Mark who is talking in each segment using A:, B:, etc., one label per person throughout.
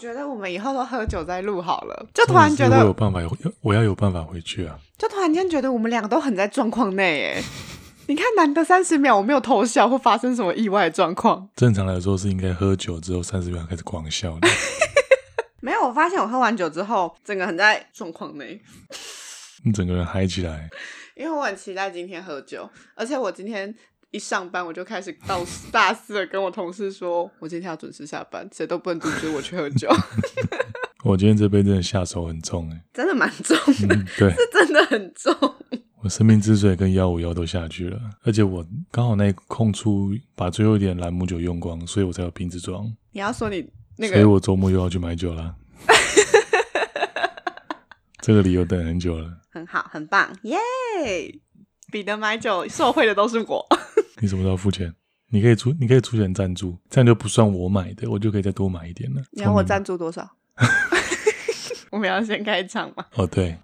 A: 我覺得我們以後都喝酒再錄好了，就突然覺得我有
B: 辦法有，我要有辦法回去啊！
A: 就突然間覺得我們兩個都很在狀況內， 你看難得三十秒我沒有偷笑或發生什麼意外狀況。
B: 正常來說是應該喝酒之後三十秒開始狂笑，。 笑
A: 沒有。我發現我喝完酒之後，整個很在狀況內，你、 嗯、整個人嗨起來，因為我很期待今天喝酒，而且我今天。一上班我就開始大肆地跟我同事說，我今天要準時下班，誰都不能阻止我去喝酒。
B: 我今天這杯真的下手很重哎、欸，
A: 真的蠻重
B: 的、嗯，對，是
A: 真的很重。
B: 我生命之水跟幺五幺都下去了，而且我剛好那空出把最後一點蘭姆酒用光，所以我才有瓶子裝。
A: 你要說你那個，所以我
B: 周末又要去買酒啦。 這個理由等很久了，
A: 很好，很棒，耶！彼得買酒受惠的都是我。
B: 你什麼時候付錢？你可以出，你可以出錢贊助，這樣就不算我買的，我就可以再多買一點了。你要我贊
A: 助多少？ 我們要先開場嗎？
B: 哦，對。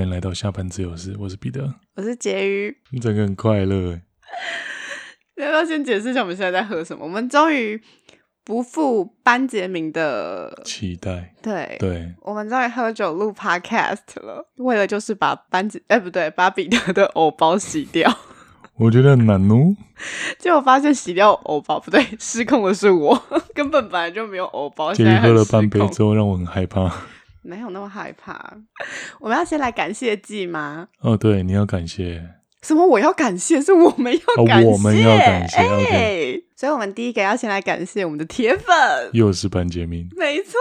B: 歡迎來到下班自由室，我是彼得，
A: 我是婕妤，
B: 你整個很快樂。
A: 要不要先解釋一下我們現在在喝什麼？我們終於不負班傑明的期待，對對，我們終於喝酒錄 Podcast 了，為了就是把班傑哎、欸、不對，把彼得的偶包洗掉。
B: 我覺得很難哦，
A: 結果發現洗掉偶包不對，失控的是我，根本本，本來就沒有偶包。婕妤喝了半杯之
B: 後，讓我很害怕。
A: 沒有那麼害怕。 我們要先來感謝季嗎？
B: 哦，對，你要感謝
A: 什麼？我要感謝，是我們要感謝，哦、我們要感謝。欸 okay、所以，我們第一個要先來感謝我們的鐵粉，
B: 又是班杰明。
A: 沒錯，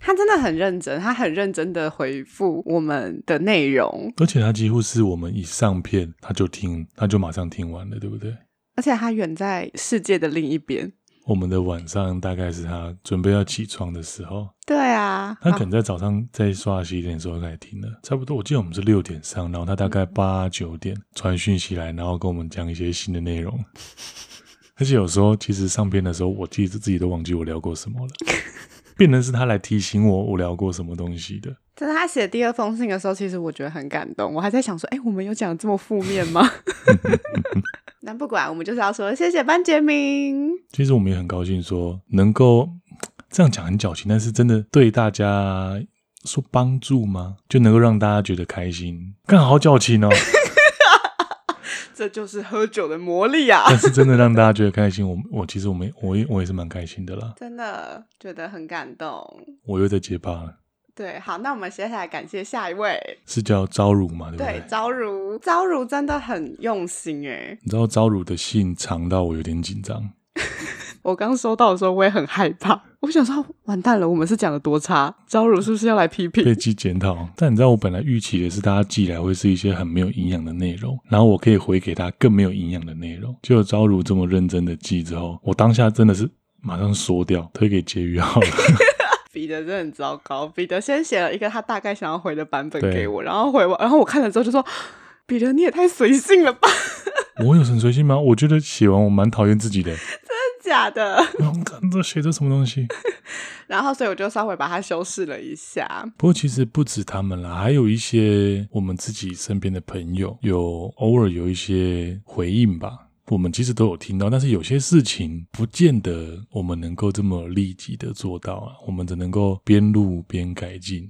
A: 他真的很認真，他很認真的回復我們的內容，
B: 而且他幾乎是我們一上片他就聽，他就馬上聽完了，對不對？
A: 而且他遠在世界的另一邊。
B: 我們的晚上大概是他準備要起床的時候，
A: 對啊，他可
B: 能在早上在刷洗臉的時候來聽的，差不多。我記得我們是六點上，然後他大概八九點傳訊息來，然後跟我們講一些新的內容。 而且有時候其實上片的時候，我其實自己都忘記我聊過什麼了， 變成是他來提醒我我聊過什麼東西的。
A: 在他寫第二封信的時候，其實我覺得很感動，我還在想說，哎、欸，我們有講這麼負面嗎？ 那不管，我們就是要說謝謝班傑明。
B: 其實我們也很高興，說能夠這樣講很矯情，但是真的對大家說幫助嗎？就能夠讓大家覺得開心，剛好矯情哦。
A: 這就是喝酒的魔力啊！ 但是真
B: 的讓大家覺得開心，我我其實我們我也我也是蠻開心的啦，
A: 真的覺得很感動。
B: 我又在結巴了。
A: 對，好，那我們接下來感謝下一位，
B: 是叫朝如嗎對
A: 不對,對？朝如，朝如真的很用心誒你
B: 知道朝如的信長到我有點緊張，
A: 我剛收到的時候我也很害怕，我想說完蛋了，我們是講的多差，朝如是不是要來批評？可以
B: 寄檢討但你知道我本來預期的是大家寄來會是一些很沒有營養的內容，然後我可以回給他更沒有營養的內容。結果朝如這麼認真的寄之後，我當下真的是馬上縮掉，推給婕妤好了。呵呵
A: 彼得真的很糟糕。彼得先寫了一個他大概想要回的版本給我，然後回我，然後我看了之後就說：“彼得，你也太隨性了吧！”
B: 我有很隨性嗎？我覺得寫完我蠻討厭自己的。
A: 真的假的？你
B: 看這寫着什麼東西？
A: 然後，所以我就稍微把它修飾了一下。
B: 不過，其實不止他們了，還有一些我們自己身邊的朋友有，有偶爾有一些回應吧。我們其實都有聽到，但是有些事情不見得我們能夠這麼立即的做到啊。我們只能夠邊錄邊改進。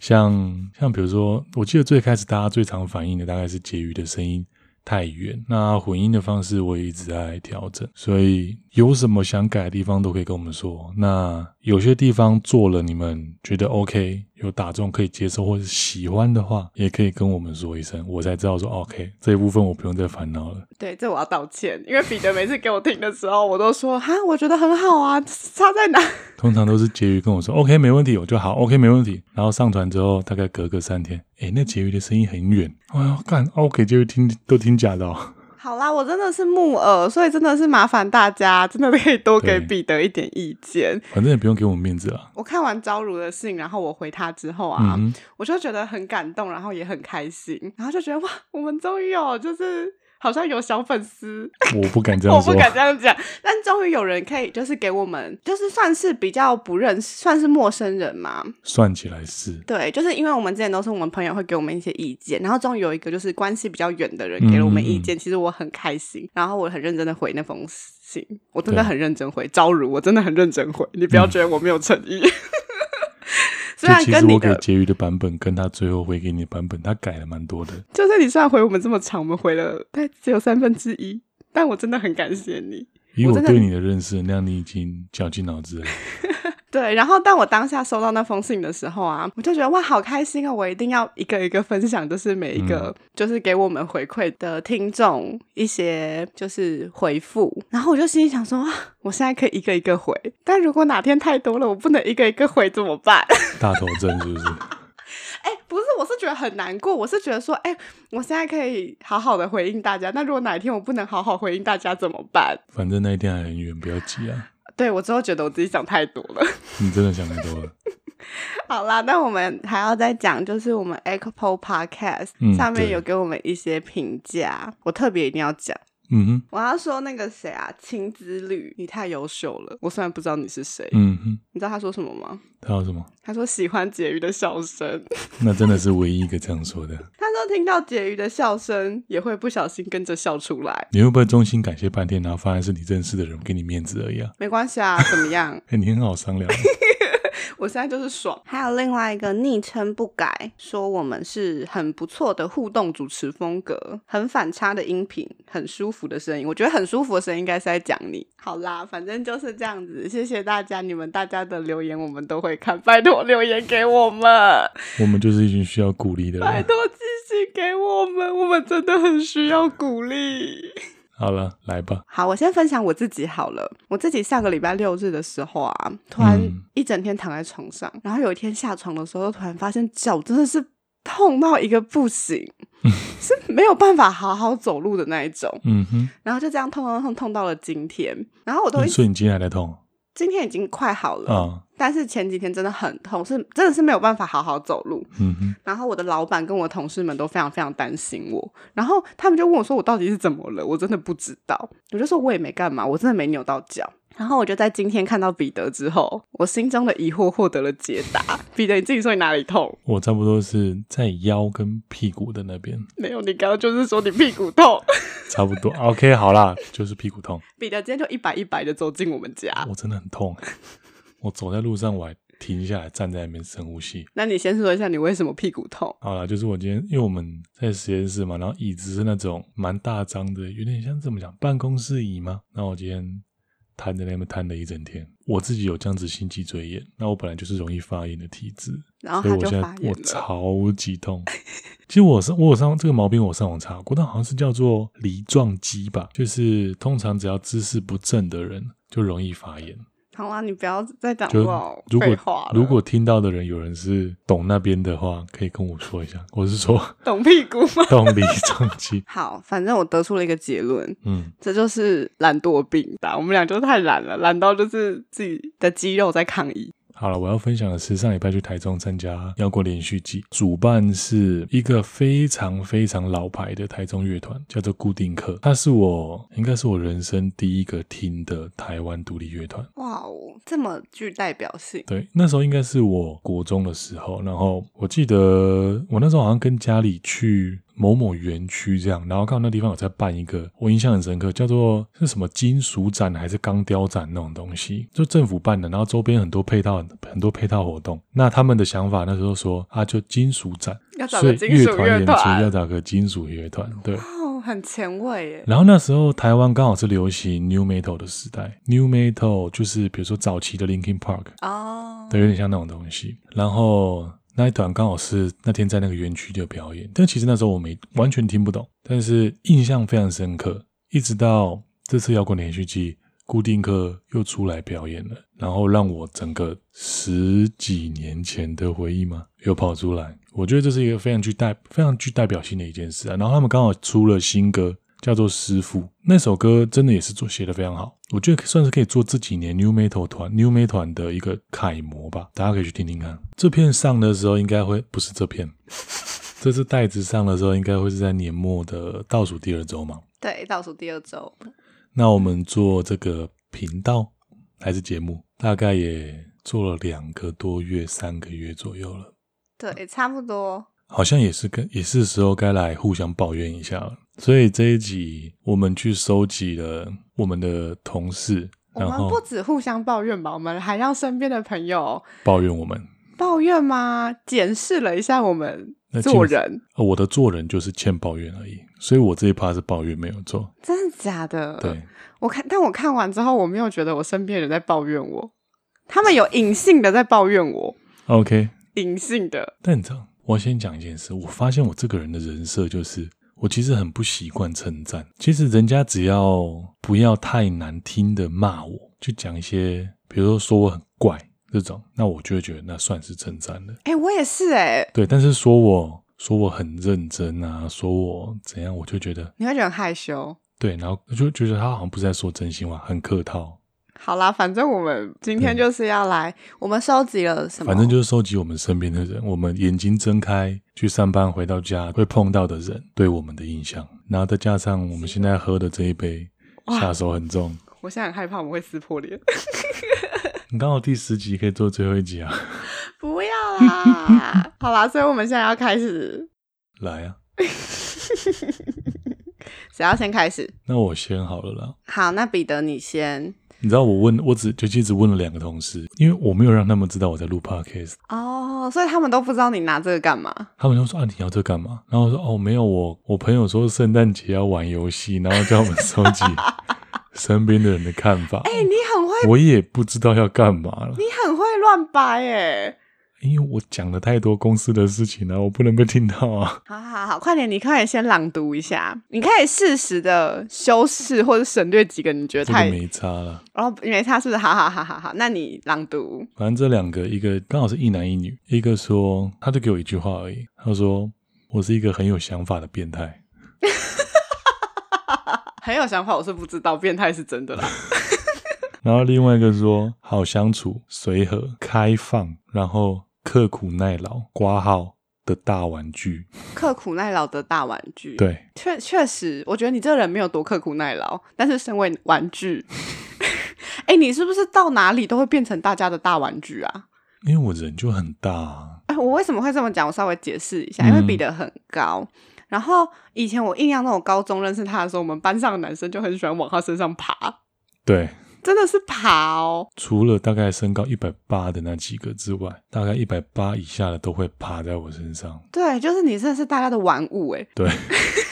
B: 像像比如說，我記得最開始大家最常反映的大概是婕妤的聲音太遠，那混音的方式我也一直在調整。所以有什麼想改的地方都可以跟我們說。那有些地方做了，你們覺得 OK？有打中可以接受或者喜歡的話，也可以跟我們說一聲，我才知道說 OK 這一部分我不用再煩惱了。
A: 對，這我要道歉，因為彼得每次給我聽的時候，我都說哈，我覺得很好啊，差在哪？
B: 通常都是婕妤跟我說 OK 沒問題，我就好 OK 沒問題。然後上傳之後，大概隔個三天，誒那婕妤的聲音很遠，哎呦幹，OK 婕妤聽都聽假的哦。
A: 好啦，我真的是木耳，所以真的是麻煩大家，真的可以多給彼得一點意見。反正也不用
B: 給我們面子啊。
A: 我看完昭如的信，然後我回他之後啊嗯嗯，我就覺得很感動，然後也很開心，然後就覺得哇，我們終於有就是。好像有小粉絲，
B: 我不敢這樣， 我不敢這
A: 樣講。但終於有人可以，就是給我們，就是算是比較不認識，算是陌生人嘛。
B: 算起來是，
A: 對，就是因為我們之前都是我們朋友會給我們一些意見，然後終於有一個就是關係比較遠的人給了我們意見嗯嗯嗯，其實我很開心。然後我很認真的回那封信，我真的很認真回，婕妤我真的很認真回，你不要覺得我沒有誠意。嗯 就其實我給婕
B: 妤的版本，跟他最後回給你的版本，他改了蠻多的，
A: 的。就算你上回我們這麼長，我們回了，但只有三分之一，但我真的很感謝你。
B: 以我對你的認識，那樣你已經絞盡腦汁了。
A: 對，然後當我當下收到那封信的時候啊，我就覺得哇，好開心啊，哦！我一定要一個一個分享，就是每一個，就是給我們回饋的聽眾一些，就是回復、嗯。然後我就心裡想說啊，我現在可以一個一個回，但如果哪天太多了，我不能一個一個回怎麼辦？
B: 大頭症是不是？
A: 哎、 欸，不是，我是覺得很難過。我是覺得說，哎，欸，我現在可以好好的回應大家。那如果哪一天我不能好好回應大家怎麼辦？
B: 反正那一天還很遠，不要急啊。
A: 對，我之後覺得我自己想太多了。
B: 你真的想太多了。
A: 好啦，那我們還要再講，就是我們 Apple Podcast、嗯、上面有給我們一些評價，我特別一定要講。嗯哼，我要說那個誰啊，青之旅。你太優秀了。我雖然不知道你是誰，嗯哼，你知道他說什麼嗎？他說什麼？他說喜歡婕妤的笑聲。
B: 那真的是唯一一個這樣說的。
A: 他說聽到婕妤的笑聲，也會不小心跟着笑出來。
B: 你會不會衷心感謝半天然後發現是你認識的人，給你面子而已啊？
A: 沒關係啊，怎麼樣？
B: 你很好商量。
A: 我現在就是爽，還有另外一個昵稱不改，說我們是很不錯的互動主持風格，很反差的音頻，很舒服的聲音，我覺得很舒服的聲音應該是在講你。好啦，反正就是這樣子，謝謝大家，你們大家的留言我們都會看，拜托留言給我們，
B: 我們就是一群需要鼓勵的人，拜
A: 托繼續給我們，我們真的很需要鼓勵。
B: 好了，來吧。
A: 好，我先分享我自己好了。我自己下個禮拜六日的時候啊，突然一整天躺在床上，嗯、然後有一天下床的時候，突然發現腳真的是痛到一個不行， 是沒有辦法好好走路的那一種。嗯哼，然後就這樣痛到痛痛痛到了今天，然後我都、嗯、所以
B: 你今天還在痛？
A: 今天已經快好了啊。哦但是前幾天真的很痛，是真的是沒有辦法好好走路。嗯，然後我的老闆跟我的同事們都非常非常擔心我，然後他們就問我說：“我到底是怎麼了？”我真的不知道，我就說：“我也沒幹嘛，我真的沒扭到腳。”然後我就在今天看到彼得之後，我心中的疑惑獲得了解答。 彼得，你自己說你哪裡痛？
B: 我差不多是在腰跟屁股的那邊。
A: 沒有，你剛剛就是說你屁股痛，
B: 差不多。OK，好啦，就是屁股痛。
A: 彼得今天就一擺一擺的走進我們家。我真
B: 的很痛。 我走在路上，我還停下來站在那邊深呼吸。
A: 那你先說一下你為什麼屁股痛？
B: 好啦，就是我今天，因為我們在實驗室嘛，然後椅子是那種蠻大張的，有點像怎麼講辦公室椅嘛。那我今天癱在那邊癱了一整天，我自己有這樣子心肌嘴炎，那我本來就是容易發炎的體質，然後他就發炎了。所以我現在我超級痛。 其實我，我有上我上這個毛病，我上網查過，但好像是叫做梨狀肌吧，就是通常只要姿勢不正的人就容易發炎。
A: 好啦，啊，你不要再講了。如果
B: 如果聽到的人有人是懂那邊的話，可以跟我說一下。我是說，懂屁股嗎？懂 理中氣。
A: 好，反正我得出了一個結論，嗯，這就是懶惰病吧，啊。我們倆就太懶了，懶到就是自己的肌肉在抗議。
B: 好了，我要分享的是上禮拜去台中參加《要過連續劇》，主辦是一個非常非常老牌的台中樂團，叫做固定客。他是我應該是我人生第一個聽的台灣獨立樂團，
A: 哇哦，這麼具代表性。
B: 對，那時候應該是我國中的時候，然後我記得我那時候好像跟家裡去，某某園區這樣，然後剛好那地方有在辦一個，我印象很深刻，叫做是什麼金屬展還是鋼雕展那種東西，就政府辦的，然後周邊很多配套，很多配套活動。那他們的想法那時候說啊，就金屬展，所以樂團演出要找個金屬樂團，對
A: 哦，很前衛誒。
B: 然後那時候台灣剛好是流行 New Metal 的時代，New Metal 就是比如說早期的 Linkin Park 啊、
A: oh，
B: 對，有點像那種東西。然後。那一段剛好是那天在那個園區的表演，但其實那時候我沒完全聽不懂，但是印象非常深刻。一直到這次搖滾連續劇固定客又出來表演了，然後讓我整個十幾年前的回憶嘛，又跑出來，我覺得這是一個非常具代、非常具代表性的一件事啊。然後他們剛好出了新歌，叫做師傅，那首歌真的也是做寫得非常好，我覺得算是可以做這幾年 New Metal 團 New Metal 團的一個楷模吧。大家可以去聽聽看。這片上的時候應該會不是這片， 這是袋子上的時候應該會是在年末的倒數第二週嘛？
A: 對，倒數第二週。
B: 那我們做這個頻道還是節目，大概也做了兩個多月、三個月左右了。
A: 對，差不多。
B: 好像也是跟，也是時候該來互相抱怨一下了。所以這一集我們去收集了我們的同事，我們不
A: 止互相抱怨吧，我們還讓身邊的朋友抱怨我們，抱怨嗎？檢視了一下我們做人、
B: 呃，我的做人就是欠抱怨而已，所以我這一趴是抱怨沒有做，
A: 真的假的？對，我看，但我看完之後，我沒有覺得我身邊人在抱怨我，他們有隱性的在抱怨我。OK，隱性的。但你知道，
B: 我先講一件事，我發現我這個人的人設就是。我其實很不習慣稱讚，其實人家只要不要太難聽的罵我，就講一些，比如說說我很怪這種，那我就會覺得那算是稱讚了。
A: 哎、欸，我也是哎、欸，
B: 對，但是說我說我很認真啊，說我怎樣，我就覺得
A: 你會覺得很害羞。
B: 對，然後就覺得他好像不是在說真心話，很客套。
A: 好啦，反正我們今天就是要來，我們收集了什麼？反正
B: 就是收集我們身邊的人，我們眼睛睜開去上班，回到家會碰到的人對我
A: 們的印象，
B: 然後再加上我們現在喝的這一杯，
A: 下手
B: 很重。我
A: 現在很害怕我們會撕破臉。 你
B: 剛好第十集可以做最後一集啊！
A: 不要啦， 好啦，所以我們現在要開始，
B: 來啊！
A: 誰要先開始？
B: 那我先好了啦。
A: 好，那彼得你先。
B: 你知道我問，我只就接著問了兩個同事，因為我沒有讓他們知道我在錄 podcast，哦
A: ，oh, 所以他們都不知道你拿這個幹嘛。
B: 他們就說：“啊，你要這個幹嘛？”然後我說：“哦，沒有，我我朋友說聖誕節要玩遊戲，然後叫我們收集身邊的人的看法。 ”哎、欸，你很會，我也不知道要幹嘛了。
A: 你很會亂掰，哎。
B: 因為我講了太多公司的事情了，啊，我不能被聽到啊！好，
A: 好好好，快點，你快點先朗讀一下，你可以適時的修飾或者省略幾個你覺得太，這個，沒
B: 差了。
A: 然後因為他是哈哈哈哈哈，那你朗讀。反
B: 正這兩個，一個剛好是一男一女，一個說他就給我一句話而已，他說我是一個很有想法的變態，
A: 很有想法，我是不知道變態是真的啦。
B: 然後另外一個說好相處、隨和、開放，然後。刻苦耐勞掛號的大玩具，
A: 刻苦耐勞的大玩具，對，確確實，我覺得你這人沒有多刻苦耐勞，但是身為玩具，哎、 欸，你是不是到哪裡都會變成大家的大玩具啊？
B: 因為我人就很大、
A: 啊，哎、欸，我為什麼會這麼講？我稍微解釋一下，因為彼得很高，嗯、然後以前我印象中，我高中認識他的時候，我們班上的男生就很喜歡往他身上爬，
B: 對。
A: 真的是爬哦！
B: 除了大概身高一百八的那幾個之外，大概一百八以下的都會爬在我身上。
A: 對，就是你，真的是大家的玩物哎、欸。對。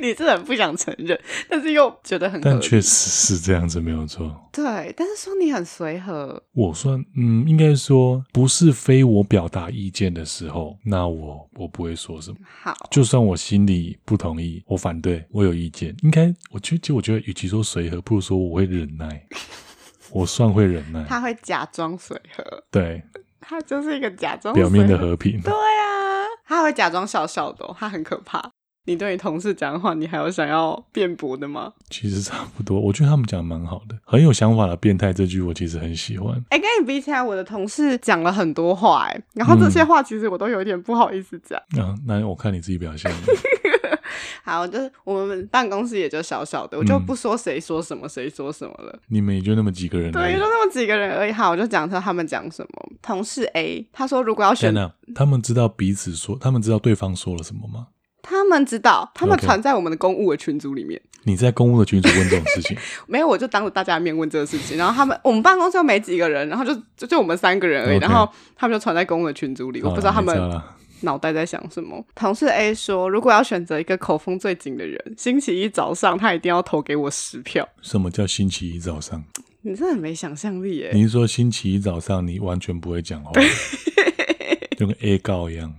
A: 你是很不想承認，但是又覺得很……但確
B: 實是這樣子，沒有錯。
A: 對，但是說你很隨和，
B: 我算嗯，應該說不是非我表達意見的時候，那我我不會說什麼。好，就算我心裡不同意，我反對，我有意見，應該我就，就我覺得，與其說隨和，不如說我會忍耐。 我算會忍耐，
A: 他會假裝隨和，對，他就是一個假裝表面的和平。對啊，他會假裝笑笑的，他很可怕。你對你同事講的話，你還有想要辯駁的嗎？
B: 其實差不多，我覺得他們講的蠻好的，很有想法的變態這句，我其實很喜歡。
A: 哎，跟你比起來，我的同事講了很多話，哎，然後這些話其實我都有點不好意思講。
B: 那、嗯啊、那我看你自己表現。
A: 好，就是我們辦公室也就小小的，我就不說誰說什麼，誰說什麼了。
B: 嗯、你們也就那麼幾個人而已，對，就
A: 那麼幾個人而已。好，我就講出他們講什麼。同事 A 他說：“如果要選，
B: 他們知道彼此說，他們知道對方說了什麼嗎？”
A: 他們知道，okay. 他們傳在我們的公務的群組裡面。
B: 你在公務的群組問這種事情？
A: 沒有，我就當着大家面問這個事情。然後他們，我們辦公室又沒幾個人，然後就就就我們三個人而已。Okay. 然後他們就傳在公務的群組裡，哦、我不知道他們腦袋在想什麼。同事 A 說，如果要選擇一個口風最緊的人，星期一早上他一定要投給我十票。
B: 什麼叫星期一早上？
A: 你真的很沒想象力耶、欸！你是
B: 說星期一早上你完全不會講話， 就跟 A 告一樣？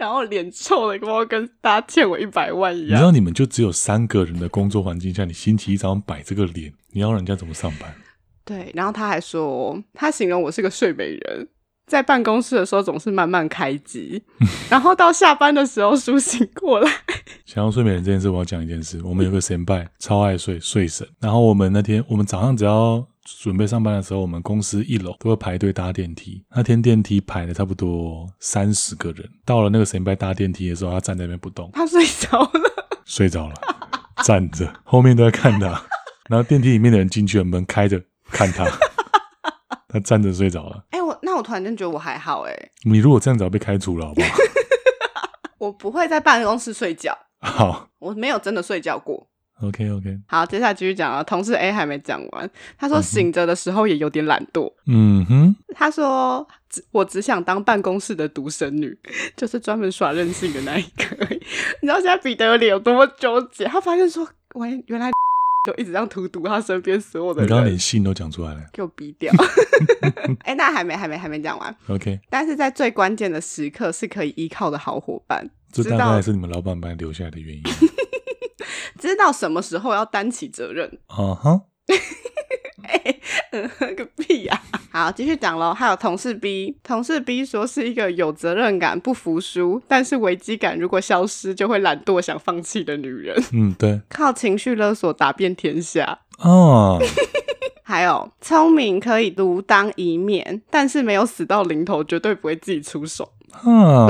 A: 然後臉臭了，跟大家欠我一百萬一樣。你知道你
B: 們就只有三個人的工作環境下，你星期一早上擺這個臉，你要人家怎麼上班？
A: 對，然後他還說，他形容我是個睡美人，在辦公室的時候總是慢慢開機， 然後到下班的時候甦醒過來。
B: 想要睡美人這件事，我要講一件事。我們有個前輩、嗯、超愛睡睡神，然後我們那天我們早上只要。準備上班的時候，我們公司一樓都會排隊搭電梯。那天電梯排了差不多三十個人，到了那個神經病搭電梯的時候，他站在那邊不動，他睡着了，睡着了，站着， 後面都在看他，然後電梯裡面的人進去了，門開着，看他，他站着睡着了。
A: 哎、欸，我那我突然間覺得我還好哎、
B: 欸，你如果這樣子早被開除了，好不好？
A: 我不會在辦公室睡覺，好，我沒有真的睡覺過。OK，OK，okay, okay. 好，接下來繼續講啊，同事 A、欸、還沒講完，他說醒着的時候也有點懶惰。嗯哼，他說只我只想當辦公室的獨生女，就是專門耍任性的那一個。 你知道現在彼得有點有多麼糾結？他發現說，我原來、XX、就一直讓荼毒他身邊所有的人。你剛剛
B: 連信都講出來了，
A: 給我逼掉。哎、 欸，那還沒、還沒、還沒講完。OK，但是在最關鍵的時刻是可以依靠的好伙伴。這大概還
B: 是你們老闆班留下來的原因、啊。
A: 知道什麼時候要擔起責任？
B: 啊、uh、哈 -huh. 欸，
A: 嗯，個屁呀、啊！ 好，繼續講嘍。還有同事 B，同事 B 說是一個有責任感、不服輸，但是危機感如果消失就會懶惰、想放棄的女人。嗯，對，靠情緒勒索打遍天下。
B: 哦、uh -huh.，
A: 還有聰明可以獨當一面，但是沒有死到臨頭絕對不會自己出手。啊，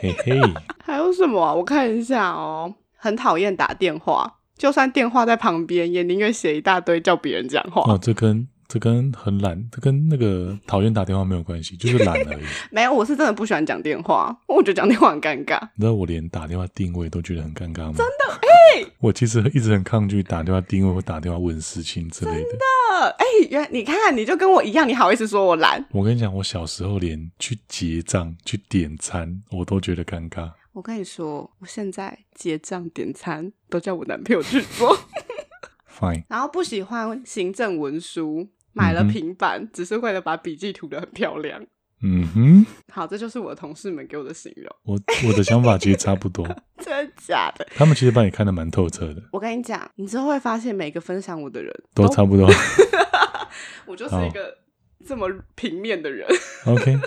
B: 嘿嘿。
A: 還有什麼、啊？我看一下哦。很討厭打電話，就算電話在旁邊，也寧願寫一大堆叫別人講話。哦，
B: 這跟這跟很懶，這跟那個討厭打電話沒有關係，就是懶
A: 而已。 沒有，我是真的不喜歡講電話，我覺得講電話很尷尬。你知
B: 道我連打電話訂位都覺得很尷尬嗎？真
A: 的哎，
B: 欸、 我其實一直很抗拒打電話訂位或打電話問事情之類的。
A: 真的哎、欸，原來你看你就跟我一樣，你好意思說我懶？
B: 我跟你講，我小時候連去結賬、去點餐，我都覺得尷尬。
A: 我跟你說，我現在結賬點餐都叫我男朋友去做。 Fine. 然後不喜歡行政文書，買了平板，mm -hmm. 只是為了把筆記塗得很漂亮。嗯哼。好，這就是我的同事們給我的形容。
B: 我我的想法其實差不多。
A: 真的假的？他
B: 們其實把你看得蠻透徹的。
A: 我跟你講，你之後會發現每個分享我的人都，都差不多。 我就是一個、oh. 這麼平面的人。
B: OK.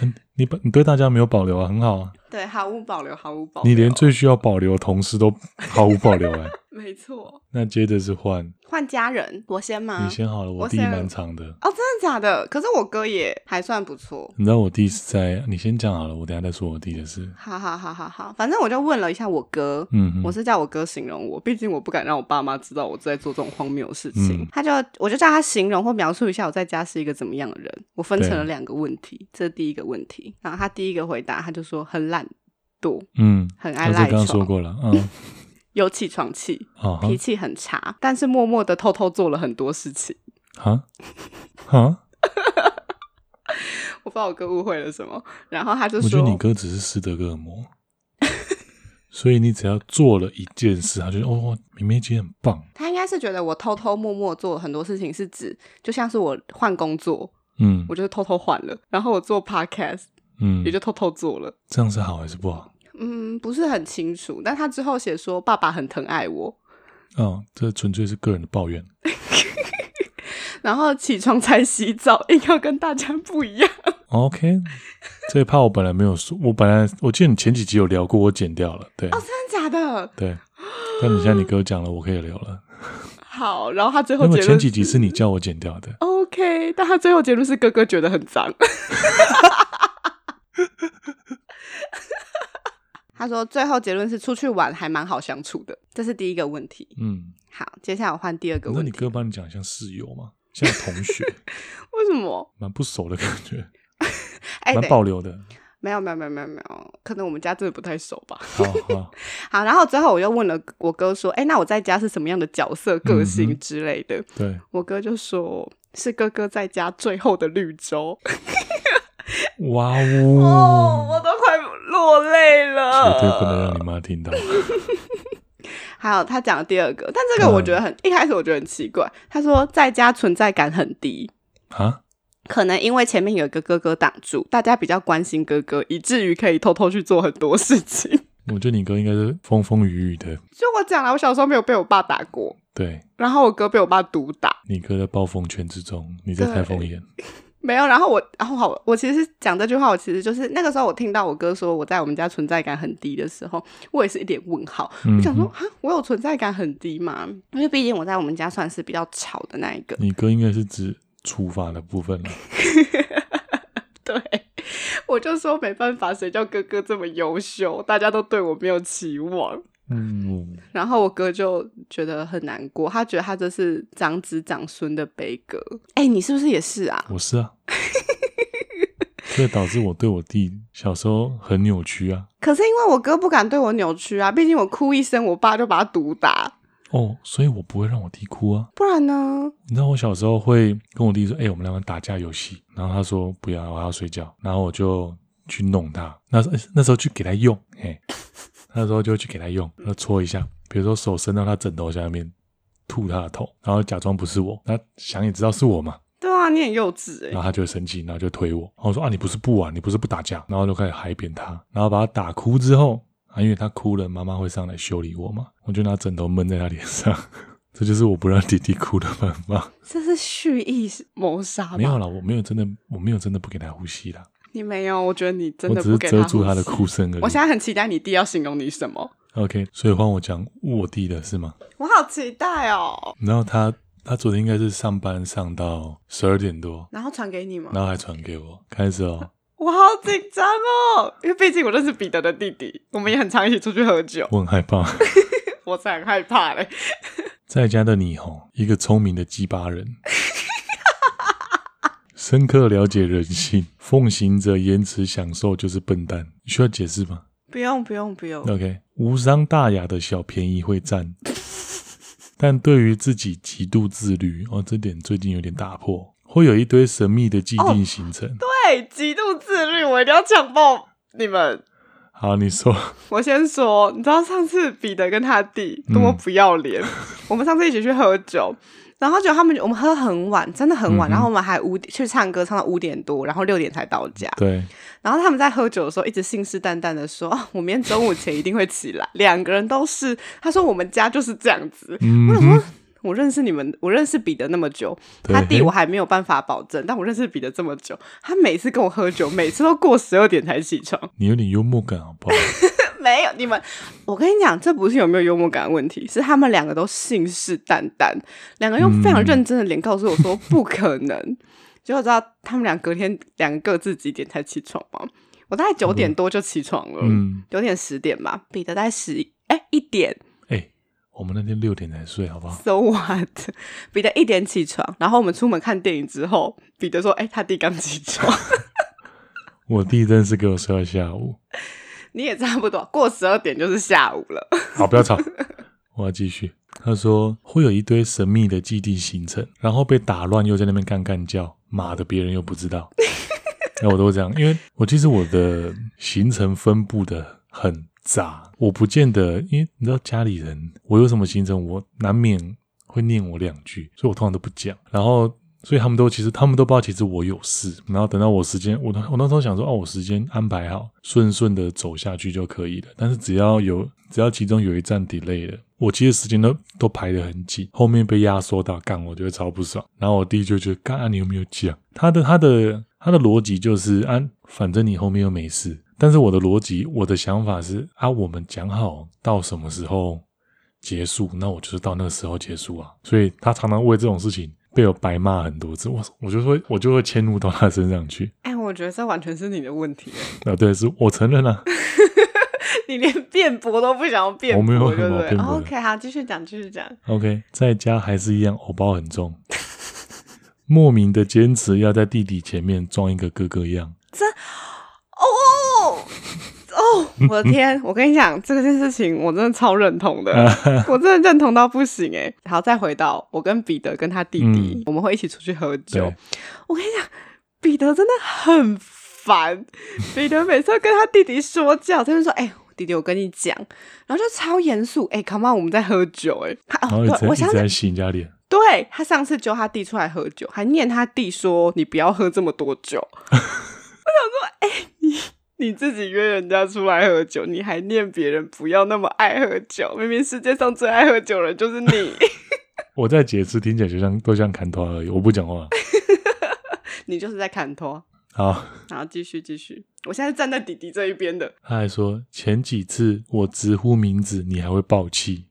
B: And...。你不，你對大家沒有保留啊，很好啊。
A: 對，毫無保留，毫無保留。你連
B: 最需要保留的同事都毫無保留，欸，
A: 哎， 沒錯。
B: 那接着是換
A: 換家人，我先嗎？你先好了，我弟蠻長的。哦，真的假的？可是我哥也還算不錯。你
B: 知道我弟是在，嗯、你先講好了，我等下再說我弟的事。好
A: 好好好好，反正我就問了一下我哥，嗯，我是叫我哥形容我，畢竟我不敢讓我爸媽知道我在做這種荒謬的事情。嗯，他就我就叫他形容或描述一下我在家是一個怎麼樣的人。我分成了兩個問題，啊，這是第一個問題。然後他第一個回答，他就說很懶惰，嗯，很愛賴床。剛剛說過
B: 了，嗯、
A: 有起床氣，脾氣很差，但是默默的偷偷做了很多事情。
B: 哈、啊，哈、
A: 啊、 我不知道我哥誤會了什麼。然後他就說，我覺得你哥
B: 只是斯德哥爾摩， 所以你只要做了一件事，他就哦，明明今天很棒。
A: 他應該是覺得我偷偷默默做很多事情，是指就像是我換工作，嗯，我就偷偷換了，然後我做 podcast。嗯，也就偷偷做了。
B: 這樣是好還是不好？嗯，
A: 不是很清楚。但他之後寫說，爸爸很疼愛我。
B: 哦，這純粹是個人的抱怨。
A: 然後起床才洗澡，硬要跟大家不一樣。
B: OK，這一趴我本來沒有說， 我本來我記得你前幾集有聊過，我剪掉了。對哦，
A: 真的假的？
B: 對。但你現在你跟我講了，我可以聊了。 好，然
A: 後他最後結論是，因為前幾
B: 集是你叫我剪掉的。
A: OK，但他最後結論是哥哥覺得很髒。 他說：“最後結論是出去玩還蠻好相處的，這是第一個問題。”嗯，好，接下來我換第二個問題。那你
B: 哥幫你講像室友嗎？像同學，
A: 為什麼？
B: 蠻不熟的感覺，
A: 蠻保留的。沒有沒有沒有沒有沒有，可能我們家真的不太熟吧。好，好， 好。然後最後我又問了我哥說：“哎、欸，那我在家是什麼樣的角色、個性之類的？”嗯、對，我哥就說：“是哥哥在家最後的綠洲。”
B: 哇嗚、哦！哦，
A: 我都快落淚了。絕對不能
B: 讓你媽聽到。
A: 還有他講的第二個，但這個我覺得很、嗯、一開始我覺得很奇怪。他說在家存在感很低啊，可能因為前面有一個哥哥擋住，大家比較關心哥哥，以至於可以偷偷去做很多事情。
B: 我覺得你哥應該是風風雨雨的。
A: 就我講了，我小時候沒有被我爸打過，對。然後我哥被我爸毒打。你哥在
B: 暴風圈之中，你在台風眼。
A: 沒有，然後我，然後好，我其實講這句話，我其實就是那個時候，我聽到我哥說我在我們家存在感很低的時候，我也是一點問號，我想說，嗯、我有存在感很低嗎？因為畢竟我在我們家算是比較吵的那一個。你
B: 哥應該是指處罰的部分了。
A: 對，我就說沒辦法，誰叫哥哥這麼優秀，大家都對我沒有期望。嗯，然後我哥就覺得很難過，他覺得他這是長子長孫的悲歌。哎、欸，你是不是也是啊？
B: 我是啊， 所以導致我對我弟小時候很扭曲啊。
A: 可是因為我哥不敢對我扭曲啊，畢竟我哭一聲，我爸就把他毒打。
B: 哦，所以我不會讓我弟哭啊。
A: 不然呢？
B: 你知道我小時候會跟我弟說：“哎、欸，我們兩個人打架遊戲。”然後他說：“不要，我要睡覺。”然後我就去弄他，那時候那時候去給他用，嘿、欸。那時候就去給他用，然後搓一下。比如說手伸到他枕頭下面，吐他的頭，然後假裝不是我。他想，你知道是我嗎？
A: 對啊，你很幼稚，欸，
B: 然後他就會生氣，然後就推我。然後我說啊，你不是不玩，你不是不打架。然後就開始海扁他，然後把他打哭之後，啊，因為他哭了，媽媽會上來修理我嘛。我就拿枕頭悶在他臉上呵呵，這就是我不讓弟弟哭的辦法。
A: 這是蓄意謀殺？沒有
B: 啦，我沒有真的，我沒有真的不給他呼吸啦。
A: 你沒有，我覺得你真的不給他，我只是遮住他的哭聲而已。我現在很期待你弟要形容你什麼
B: ？OK，所以換我講我弟的是嗎？
A: 我好期待哦。然
B: 後他他昨天應該是上班上到十二點多，然
A: 後傳給你嗎？
B: 然後還傳給我，開始哦。
A: 我好緊張哦， 因為畢竟我認識彼得的弟弟，我們也很常一起出去喝酒。
B: 我很害怕，
A: 我才很害怕嘞。
B: 在家的你吼，一個聰明的雞巴人。 深刻了解人性，奉行者延遲享受就是笨蛋。需要解釋嗎？
A: 不用，不用，不用。OK，
B: 無傷大雅的小便宜會佔， 但對於自己極度自律哦，這點最近有點打破，會有一堆神秘的既定行程。哦、
A: 對，極度自律，我一定要強暴你們。
B: 好，你說，
A: 我先說。你知道上次彼得跟他弟多麼不要臉，嗯、 我們上次一起去喝酒。然後就他們，我們喝很晚，真的很晚。嗯、然後我們還五點去唱歌，唱到五點多，然後六點才到家。對。然後他們在喝酒的時候，一直信誓旦旦的說：“我明天中午前一定會起來。 ”兩個人都是。他說：“我們家就是這樣子。嗯”我想說：“我認識你們，我認識彼得那麼久，他弟我還沒有辦法保證。但我認識彼得這麼久，他每次跟我喝酒，每次都過十二點才起床。
B: 你有點幽默感好，好不好？”
A: 沒有你們，我跟你講，這不是有沒有幽默感的問題，是他們兩個都信誓旦旦，兩個用非常認真的臉告訴我說不可能。嗯、 結果知道他們倆隔天兩個各自幾點才起床嗎？我大概九點多就起床了，九、嗯、點十點吧。彼得大概十一點，
B: 哎、欸，我們那天六點才睡，好不好
A: ？So what？彼得一點起床，然後我們出門看電影之後，彼得說：“哎、欸，他弟剛起床。
B: ”我弟真是給我睡到下午。
A: 你也差不多過十二點就是下午了。
B: 好，不要吵，我要繼續。他說會有一堆神秘的基地行程，然後被打亂，又在那邊乾干叫，媽的，別人又不知道。那 我都會這樣，因為我其實我的行程分布的很雜，我不見得，因為你知道家裡人我有什麼行程，我難免會念我兩句，所以我通常都不講。然後。所以他們都其實，他們都不知道其實我有事。然後等到我時間，我我那時候想說，哦、啊，我時間安排好，順順的走下去就可以了。但是只要有，只要其中有一站 delay 了，我其實時間都都排得很緊，後面被壓縮到，幹，我覺得超不爽。然後我弟就覺得，幹，啊，你有沒有講？他的他的他的邏輯就是，啊，反正你後面又沒事。但是我的邏輯，我的想法是，啊，我們講好到什麼時候結束，那我就是到那個時候結束啊。所以他常常為這種事情。被我白罵很多次，我我就說，我就會遷怒到他身上去。
A: 哎、欸，我覺得這完全是你的問題。
B: 啊，對，是我承認了、
A: 啊。 你連辯駁都不想要辯駁。我沒有反駁，對不對？o、oh, k、okay, 好，繼續講，繼續講。
B: OK，在家還是一樣，偶包很重， 莫名的堅持要在弟弟前面裝一個哥哥樣。這，
A: 哦哦。哦、我的天！我跟你講這件事情，我真的超認同的， 我真的認同到不行哎。好，再回到我跟彼得跟他弟弟、嗯，我們會一起出去喝酒。我跟你講，彼得真的很煩。彼得每次跟他弟弟說教，他就說：“哎、欸，弟弟，我跟你講。”然後就超嚴肅。哎、欸、come on，我們在喝酒。哎，他哦，一對我上次洗人對他上次揪他弟出來喝酒，還念他弟說：“你不要喝這麼多酒。 ”我想說，哎、欸，你。你自己約人家出來喝酒，你還念別人不要那麼愛喝酒。明明世界上最愛喝酒的人就是你。
B: 我在解釋，聽起來就像都像牽拖而已。我不講話，
A: 你就是在牽拖。好，然後繼續繼續。我現在是站在弟弟這一邊的。
B: 他還說，前幾次我直呼名字，你還會爆氣。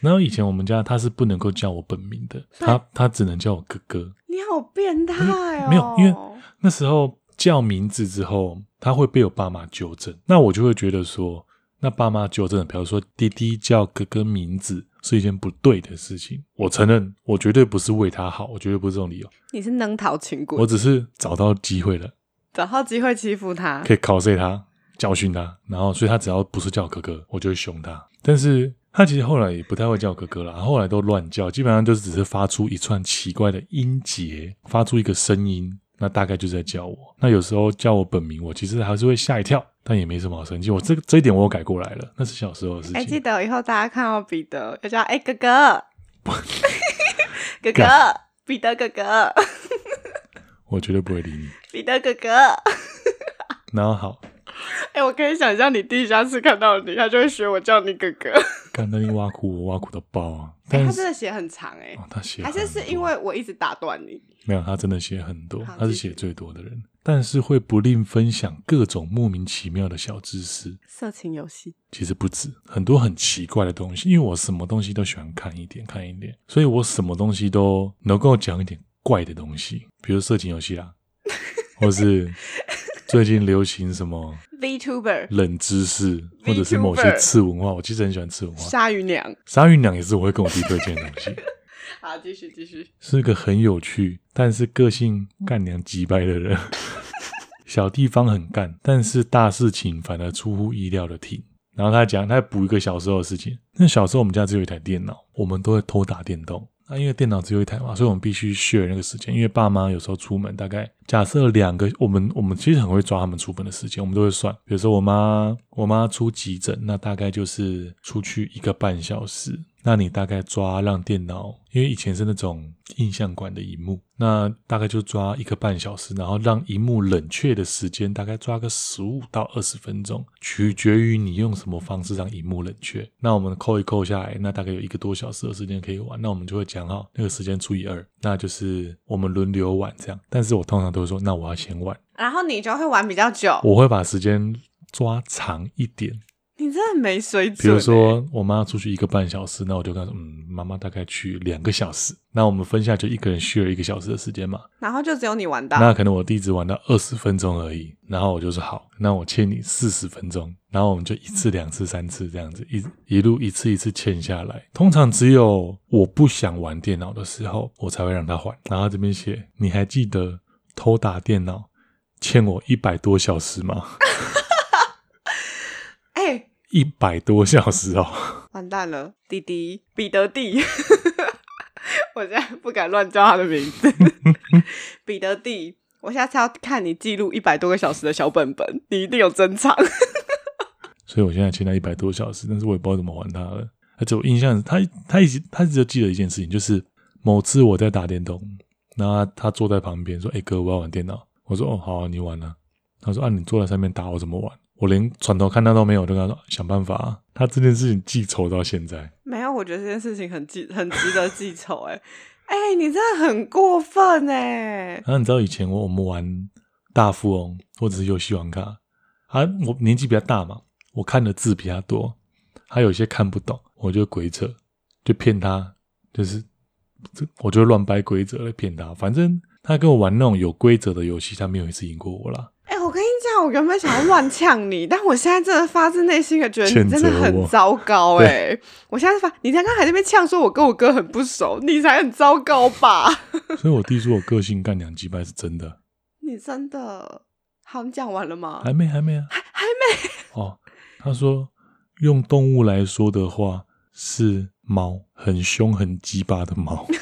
B: 然後以前我們家他是不能夠叫我本名的， 他他只能叫我哥哥。
A: 你好變態哦。嗯？沒有，因
B: 為那時候。叫名字之後，他會被我爸媽糾正，那我就會覺得說，那爸媽糾正，比如說弟弟叫哥哥名字是一件不對的事情。我承認，我絕對不是為他好，我絕對不是這種理由。
A: 你是能淘情鬼，我只是
B: 找到機會了，
A: 找到機會欺負他，可以
B: 考試他，教訓他，然後所以，他只要不是叫哥哥，我就會凶他。但是，他其實後來也不太會叫哥哥了， 後來都亂叫，基本上就是只是發出一串奇怪的音節，發出一個聲音。那大概就是在叫我，那有時候叫我本名，我其實還是會嚇一跳，但也沒什麼好生氣。我這這一點我又改過來了，那是小時候的事情。
A: 欸、記得以後大家看到彼得，我就要叫“哎、欸、哥，哥， 哥哥”，哥哥彼得哥哥，
B: 我絕對不會理你。
A: 彼得哥哥， 然後好。哎、欸，我可以想象你第一次看到你，他就會學我叫你哥哥。
B: 看到你挖苦我，挖苦到爆啊，但、欸！他真的
A: 寫很長哎、欸哦，他寫還是是因為我一直打斷你。
B: 沒有，他真的寫很多，他是寫最多的人，但是會不吝分享各種莫名其妙的小知識。
A: 色情遊戲
B: 其實不止很多很奇怪的東西，因為我什麼東西都喜歡看一點看一點，所以我什麼東西都能夠講一點怪的東西，比如色情遊戲啦， 或是最近流行什麼。Vtuber 冷知識、VTuber，或者是某些次文化，我其實很喜歡次文化。鯊
A: 魚娘，
B: 鯊魚娘也是我會跟我弟推薦的東西。 好，繼續繼續。是個很有趣，但是個性幹娘機掰的人， 小地方很幹，但是大事情反而出乎意料的挺。然後他講，他補一個小時候的事情。那小時候我們家只有一台電腦，我們都會偷打電動。那、啊、因為電腦只有一台嘛，所以我們必須 share 那個時間。因為爸媽有時候出門，大概假設兩個我們，我們其實很會抓他們出門的時間，我們都會算。比如說我媽，我媽出急診，那大概就是出去一個半小時。那你大概抓讓電腦，因為以前是那種映像管的熒幕，那大概就抓一個半小時，然後讓熒幕冷卻的時間大概抓個十五到二十分鐘，取決於你用什麼方式讓熒幕冷卻。那我們扣一扣下來，那大概有一個多小時的時間可以玩，那我們就會講好，那個時間除以二，那就是我們輪流玩這樣。但是我通常都會說，那我要先玩，
A: 然後你就會玩比較久，我會
B: 把時間抓長一點。
A: 你真的沒水準欸。比如
B: 說，我媽出去一個半小時，那我就跟她說：“嗯，媽媽大概去兩個小時。”那我們分下就一個人需要一個小時的時間嘛。
A: 然後就只有你玩到。那可能
B: 我弟一直玩到二十分鐘而已，然後我就說好，那我欠你四十分鐘。然後我們就一次、兩次、三次這樣子一一路一次一次欠下來。通常只有我不想玩電腦的時候，我才會讓她還。然後這邊寫：“你還記得偷打電腦欠我一百多小時嗎？” 一百多小時哦！
A: 完蛋了，弟弟彼得弟， 我現在不敢亂叫他的名字。 彼得弟，我下次要看你記錄一百多個小時的小本本，你一定有珍藏。
B: 所以我現在欠他一百多小時，但是我也不知道怎麼還他了。而且我印象，他他一直他一直記得一件事情，就是某次我在打電動，那他，他坐在旁邊說：“哎、欸、哥，我要玩電腦。”我說：“哦好、啊，你玩啊。”他說：“啊你坐在上面打，我怎麼玩？”我連轉頭看他都沒有，都在想辦法、啊。他這件事情記仇到現在，
A: 沒有。我覺得這件事情很記，很值得記仇、欸。哎，哎，你真的很過分哎、欸。
B: 那、啊、你知道以前我我們玩大富翁或者是遊戲王卡啊，我年紀比較大嘛，我看的字比較多，他有些看不懂，我就鬼扯，就騙他，就是這我就亂掰規則來騙他。反正他跟我玩那種有規則的遊戲，他沒有一次贏過我啦。
A: 哎、欸，我跟你講，我原本想要亂嗆你，但我現在真的發自內心的覺得你真的很糟糕、欸。哎，我現在發，你剛剛還在那邊嗆，說我跟我哥很不熟，你才很糟糕吧？
B: 所以我弟說我個性干兩雞巴是真的。
A: 你真的好，你講完了嗎？還
B: 沒，還沒啊還，還沒。哦，他說用動物來說的話是貓，很凶很雞巴的貓。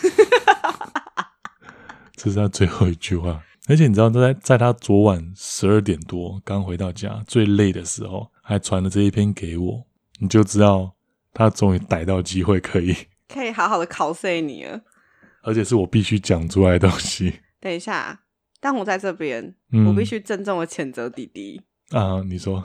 B: 這是他最後一句話。而且你知道，在在他昨晚十二點多剛回到家最累的時候，還傳了這一篇給我，你就知道他終於逮到機會可以，
A: 可以好好的考碎你了。
B: 而且是我必須講出來的東西。
A: 等一下，但我在這邊，嗯、我必須鄭重的譴責弟弟啊！你說，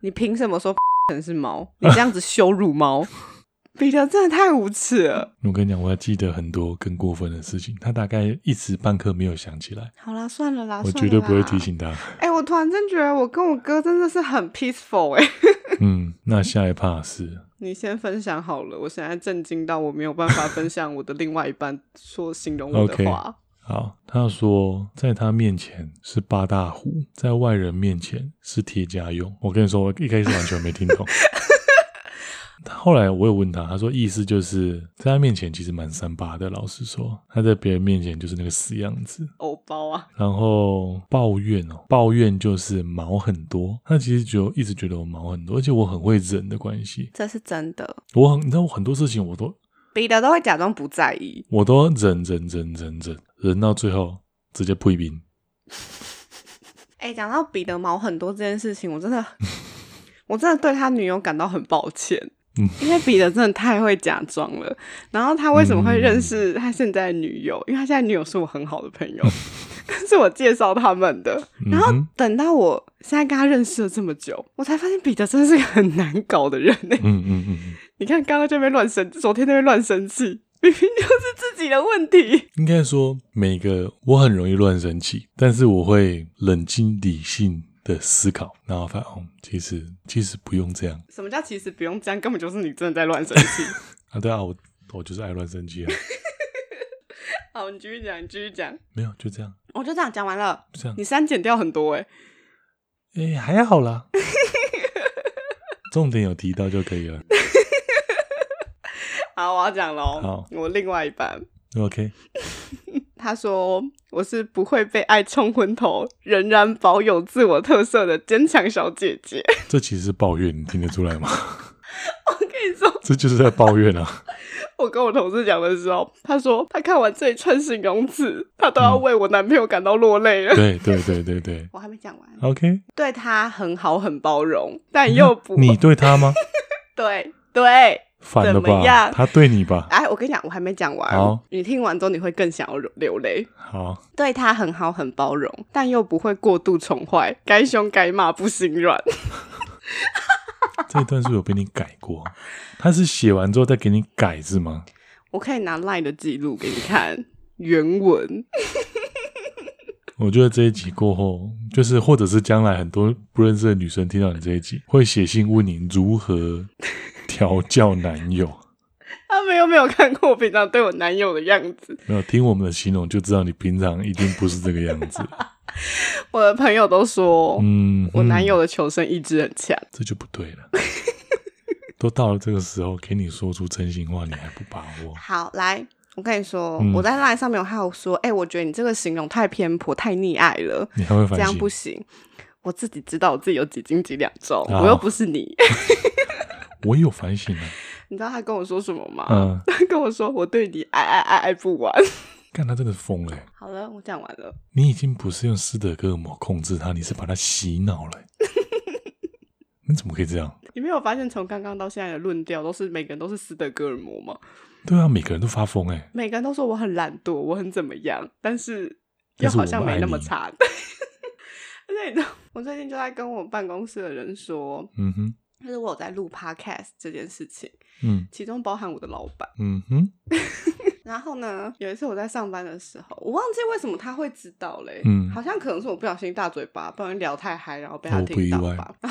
A: 你憑什麼說人是貓？你這樣子羞辱貓？ 彼得真的太無恥了！
B: 我跟你講，我還記得很多更過分的事情，他大概一時半刻沒有想起來。
A: 好啦，算了啦，我絕對不會提醒他。哎、欸，我突然真覺得我跟我哥真的是很 peaceful 哎、欸。
B: 嗯，那下一趴是？
A: 你先分享好了，我現在震驚到我沒有辦法分享我的另外一半說形容我的話。 Okay,
B: 好，他說在他面前是八大虎，在外人面前是鐵家勇。我跟你說，我一開始完全沒聽懂。 後來我有問他，他說意思就是在他面前其實蠻三八的。老實說，他在別人面前就是那個死樣子。偶包啊！然後抱怨哦，抱怨就是毛很多。他其實就一直覺得我毛很多，而且我很會忍的關係。
A: 這是真的。
B: 我很，你知道我很多事情我都
A: 彼得都會假裝不在意，
B: 我都忍忍忍忍忍，忍，忍，忍，忍到最後直接破冰。哎、
A: 欸，講到彼得毛很多這件事情，我真的， 我真的對他女友感到很抱歉。嗯，因為彼得真的太會假裝了，然後他為什麼會認識他現在的女友？嗯、因為他現在女友是我很好的朋友， 是我介紹他們的。然後等到我現在跟他認識了這麼久，我才發現彼得真的是個很難搞的人。欸、嗯嗯嗯、嗯，你看，剛剛這邊亂生，昨天那邊亂生氣，明明就是自己的問題。
B: 應該說，每個我很容易亂生氣，但是我會冷靜理性思考，然後發現、哦，其實其實不用這樣。
A: 什麼叫其實不用這樣？根本就是你真的在亂生氣。
B: 啊，對啊，我我就是愛亂生氣啊。
A: 好，你繼續講，你繼續講。
B: 沒有，就這樣。
A: 我、哦、就這樣講完了。你刪減掉很多哎、
B: 欸。哎、欸，還好啦。 重點有提到就可以了。
A: 好，我要講了。好，我另外一半。OK。 他說：“我是不會被愛衝昏頭，仍然保有自我特色的堅強小姐姐。”
B: 這其實是抱怨，你聽得出來嗎？
A: 我跟你說，
B: 這就是在抱怨啊！
A: 我跟我同事講的時候，他說他看完這一串形容詞，他都要為我男朋友感到落淚了。對對
B: 對對對，對對對 我還沒講完。OK，
A: 對他很好很包容，但又不……嗯、你對他嗎？對 對。對反了吧，他
B: 對你吧？哎，
A: 我跟你講，我還沒講完。好，你聽完之後你會更想要流淚。好，對他很好，很包容，但又不會過度寵壞，該兇該罵不心軟。
B: 這一段是，是有被你改過， 他是寫完之後再給你改是嗎？
A: 我可以拿 LINE 的記錄給你看 原文。
B: 我覺得這一集過後，就是或者是將來很多不認識的女生聽到你這一集，會寫信問你如何。 調教男友？
A: 他們有沒有看過我平常對我男友的樣子？
B: 沒有聽我們的形容就知道你平常一定不是這個樣子。
A: 我的朋友都說，嗯，我男友的求生意志很強、嗯。
B: 這就不對了。 都到了這個時候，給你說出真心話，你還不把握？
A: 好，來，我跟你說，嗯、我在 LINE 上面還有說，哎、欸，我覺得你這個形容太偏頗，太溺愛了。你還會發現？這樣不行。我自己知道，我自己有幾斤幾兩重、哦，我又不是你。
B: 我也有反省
A: 啊！ 你知道他跟我說什麼嗎？嗯，他跟我說，我對你愛愛愛愛不完。
B: 幹他真的瘋了。
A: 好了，我講完了。
B: 你已經不是用斯德哥爾摩控制他，你是把他洗腦了。 你怎麼可以這樣？
A: 你沒有發現從剛剛到現在的論調都是每個人都是斯德哥爾摩嗎？
B: 對啊，每個人都發瘋哎！
A: 每個人都說我很懶惰，我很怎麼樣，但是又好像沒那麼差。對， 而且你知道，我最近就在跟我辦公室的人說，嗯哼。就是我有在錄 podcast 這件事情，嗯，其中包含我的老闆，嗯哼。 然後呢，有一次我在上班的時候，我忘記為什麼他會知道嘞？嗯，好像可能是我不小心大嘴巴，不小心聊太嗨，然後被他聽到吧。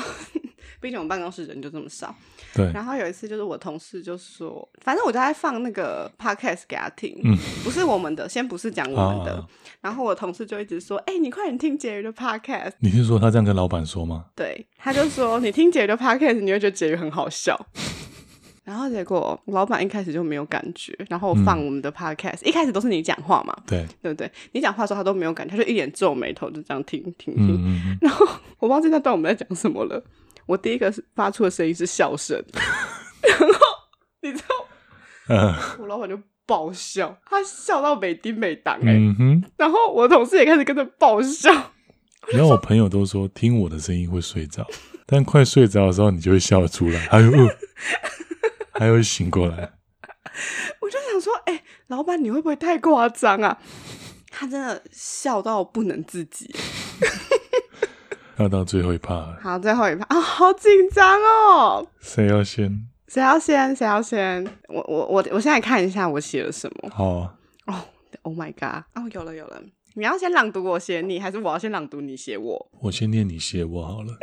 A: 畢竟我辦公室人就這麼少，對。然後有一次就是我的同事就說，反正我就在放那個 podcast 給他聽，嗯、不是我們的，先不是講我們的。啊然後我同事就一直說：“哎、欸，你快點聽婕妤的 podcast。”
B: 你是說他這樣跟老板說嗎？
A: 對，他就說：“你聽婕妤的 podcast，你會覺得婕妤很好笑。 ”然後結果我老板一開始就沒有感覺，然後放我們的 podcast，、嗯、一開始都是你講話嘛，對對不對？你講話的時候他都沒有感覺，他就一眼皺眉頭，就這樣聽聽聽嗯嗯嗯。然後我忘記那段我們在講什麼了。我第一個發出的聲音是笑聲， 然後你知道、呃，我老板就。爆笑，他笑到沒丁沒檔、欸嗯、然後我同事也開始跟着爆笑。
B: 然後我朋友都說 聽我的聲音會睡着，但快睡着的時候你就會笑出來， 還有會 還會醒過來。
A: 我就想說，哎、欸，老闆你會不會太誇張啊？他真的笑到不能自己。
B: 要 到最後一趴。
A: 好，最後一趴啊，好緊張哦。
B: 誰要先？
A: 誰要先？誰要先？我我我，我現在看一下我寫了什麼。哦哦、啊、oh,，Oh my god！哦、oh,，有了有了。你要先朗讀我寫你，還是我要先朗讀你寫我？
B: 我先念你寫我好
A: 了。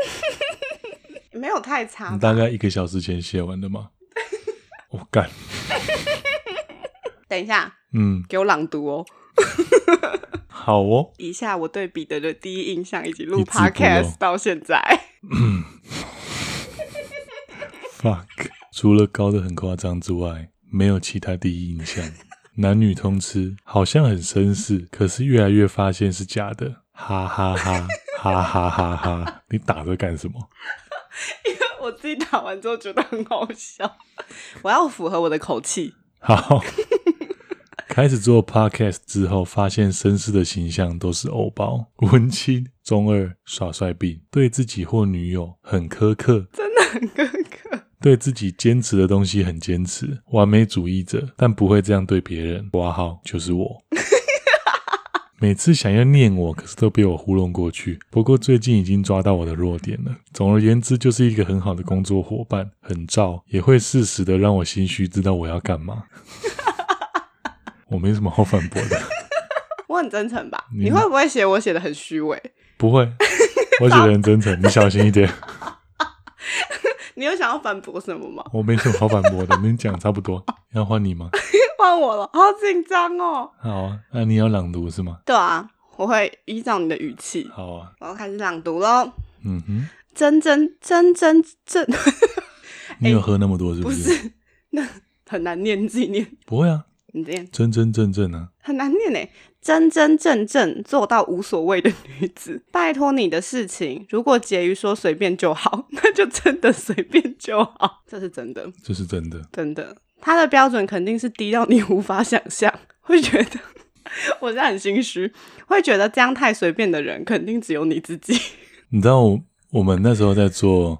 A: 沒有太差。大
B: 概一個小時前寫完的嗎？我幹。
A: 等一下，嗯，給我朗讀哦。
B: 好哦。
A: 以下我對彼得的第一印象，以及錄 podcast 到現在。嗯
B: Fuck。除了高的很誇張之外，沒有其他第一印象。男女通吃，好像很紳士，可是越來越發現是假的。哈哈哈，哈， 哈哈哈哈，你打着幹什麼？
A: 因為我自己打完之後覺得很好笑。我要符合我的口氣。
B: 好， 開始做 podcast 之後，發現紳士的形象都是偶包、文青、中二、耍帥逼，對自己或女友很苛刻，真的很苛刻。對自己堅持的東西很堅持，完美主義者，但不會這樣對別人。括號、啊、就是我， 每次想要念我，可是都被我糊弄過去。不過最近已經抓到我的弱點了。總而言之，就是一個很好的工作夥伴，很照，也會適時的讓我心虛，知道我要幹嘛。 我沒什麼好反駁的，
A: 我很真誠吧？你，你會不會寫我寫得很虛偽？不會， 我寫得很真
B: 誠，你小心一點。
A: 你有想要反駁什麼嗎？
B: 我沒什麼好反駁的，跟 你講差不多。 要換你嗎？
A: 換 我了，好緊張哦。
B: 好啊，那、啊、你要朗讀是嗎？
A: 對啊，我會依照你的語氣。好啊，我要開始朗讀嘍。嗯
B: 哼，
A: 真真真真正 。
B: 你有喝那麼多是不是？欸、不是
A: 那很難念，紀念。 不會啊。你這樣
B: 真真正正呢、啊，
A: 很難念哎、欸。真真正正做到無所謂的女子，拜託你的事情，如果婕妤說隨便就好，那就真的隨便就好。這是真的，這是真的，真的。她的標準肯定是低到你無法想象，會覺得 我是很心虛，會覺得這樣太隨便的人，肯定只有你自己。 你
B: 知道我，我們那時候在做。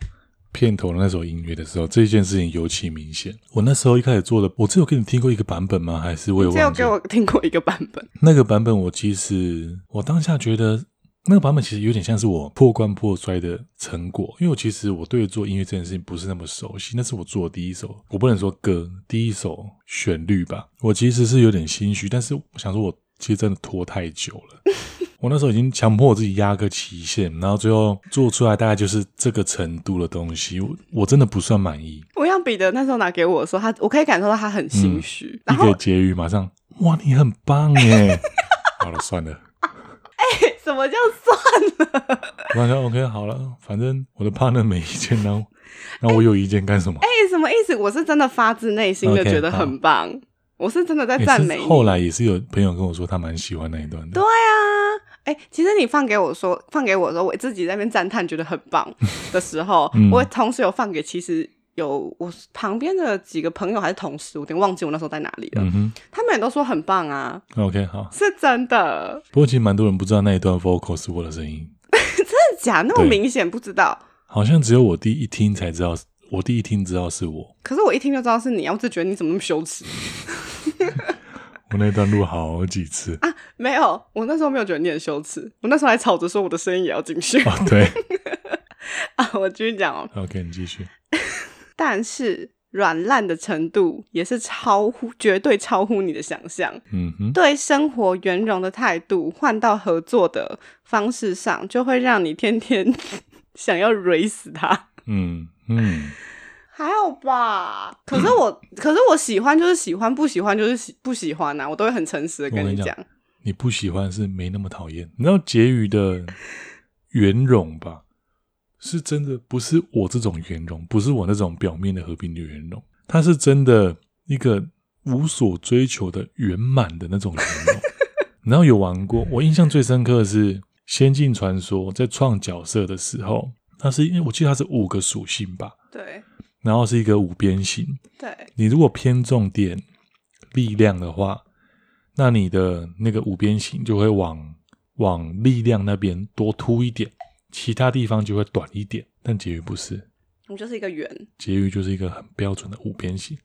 B: 片頭的那首音樂的時候，這一件事情尤其明顯。我那時候一開始做的，我只有給你聽過一個版本嗎？還是我有沒有？只有給
A: 我聽過一個版本。
B: 那個版本我其實，我當下覺得那個版本其實有點像是我破罐破摔的成果，因為我其實我對做音樂這件事情不是那麼熟悉。那是我做的第一首，我不能說歌，第一首旋律吧。我其實是有點心虛，但是我想說，我其實真的拖太久了。 我那時候已經強迫我自己壓個期限，然後最後做出來大概就是這個程度的東西，我，我真的不算滿意。
A: 我讓彼得那時候拿給我的時候，他，我可以感受到他很心虛，
B: 可、嗯、以婕妤馬上哇，你很棒耶！ 好了，算了。哎、欸，
A: 什麼叫算
B: 了？馬上 OK，好了，反正我的 partner 沒意見哦。那我有意見幹什麼？
A: 哎、欸欸，什麼意思？我是真的發自內心的 okay, 覺得很棒、啊，我是真的在讚美。欸、是是後來
B: 也是有朋友跟我說他蠻喜歡那一段
A: 的。對啊。哎、欸，其實你放給我說，放給我的時候，我自己在那邊讚嘆，覺得很棒的時候， 嗯、我同時有放給，其實有我旁邊的幾個朋友還是同事，我有點忘記我那時候在哪裡
B: 了、
A: 嗯。他們也都說很棒啊。
B: OK，好，
A: 是真的。不
B: 過其實蠻多人不知道那一段 vocal 是我的聲
A: 音， 真的假？那麼明顯，不知道。
B: 好像只有我第一聽才知道，我第一聽知道是我。
A: 可是我一聽就知道是你啊！我就覺得你怎麼那麼羞恥。
B: 那段路好幾次啊，
A: 沒有，我那時候沒有覺得你很羞恥，我那時候還吵着說我的聲音也要進去。哦。對， 啊，我繼續講哦。
B: OK，你繼續。
A: 但是軟爛的程度也是超乎，絕對超乎你的想象。嗯哼，對，生活圓融的態度換到合作的方式上，就會讓你天天 想要勒死他。嗯
B: 嗯。
A: 還好吧，可是我， 可是我喜歡，就是喜歡；不喜歡，就是喜不喜歡吶、啊，我都會很誠實的跟你講。
B: 你不喜歡是沒那麼討厭，你知道婕妤的圓融吧？是真的，不是我這種圓融，不是我那種表面的和平的圓融，它是真的一個無所追求的圓滿的那種圓融。然 後有玩過，我印象最深刻的是《仙境傳說》在創角色的時候，那是因為我記得它是五個屬性吧？對。然後是一個五邊形。對，你如果偏重點力量的話，那你的那個五邊形就會往往力量那邊多凸一點，其他地方就會短一點。但婕妤不是，我們就是一個圓。婕妤就是一個很標準的五邊形，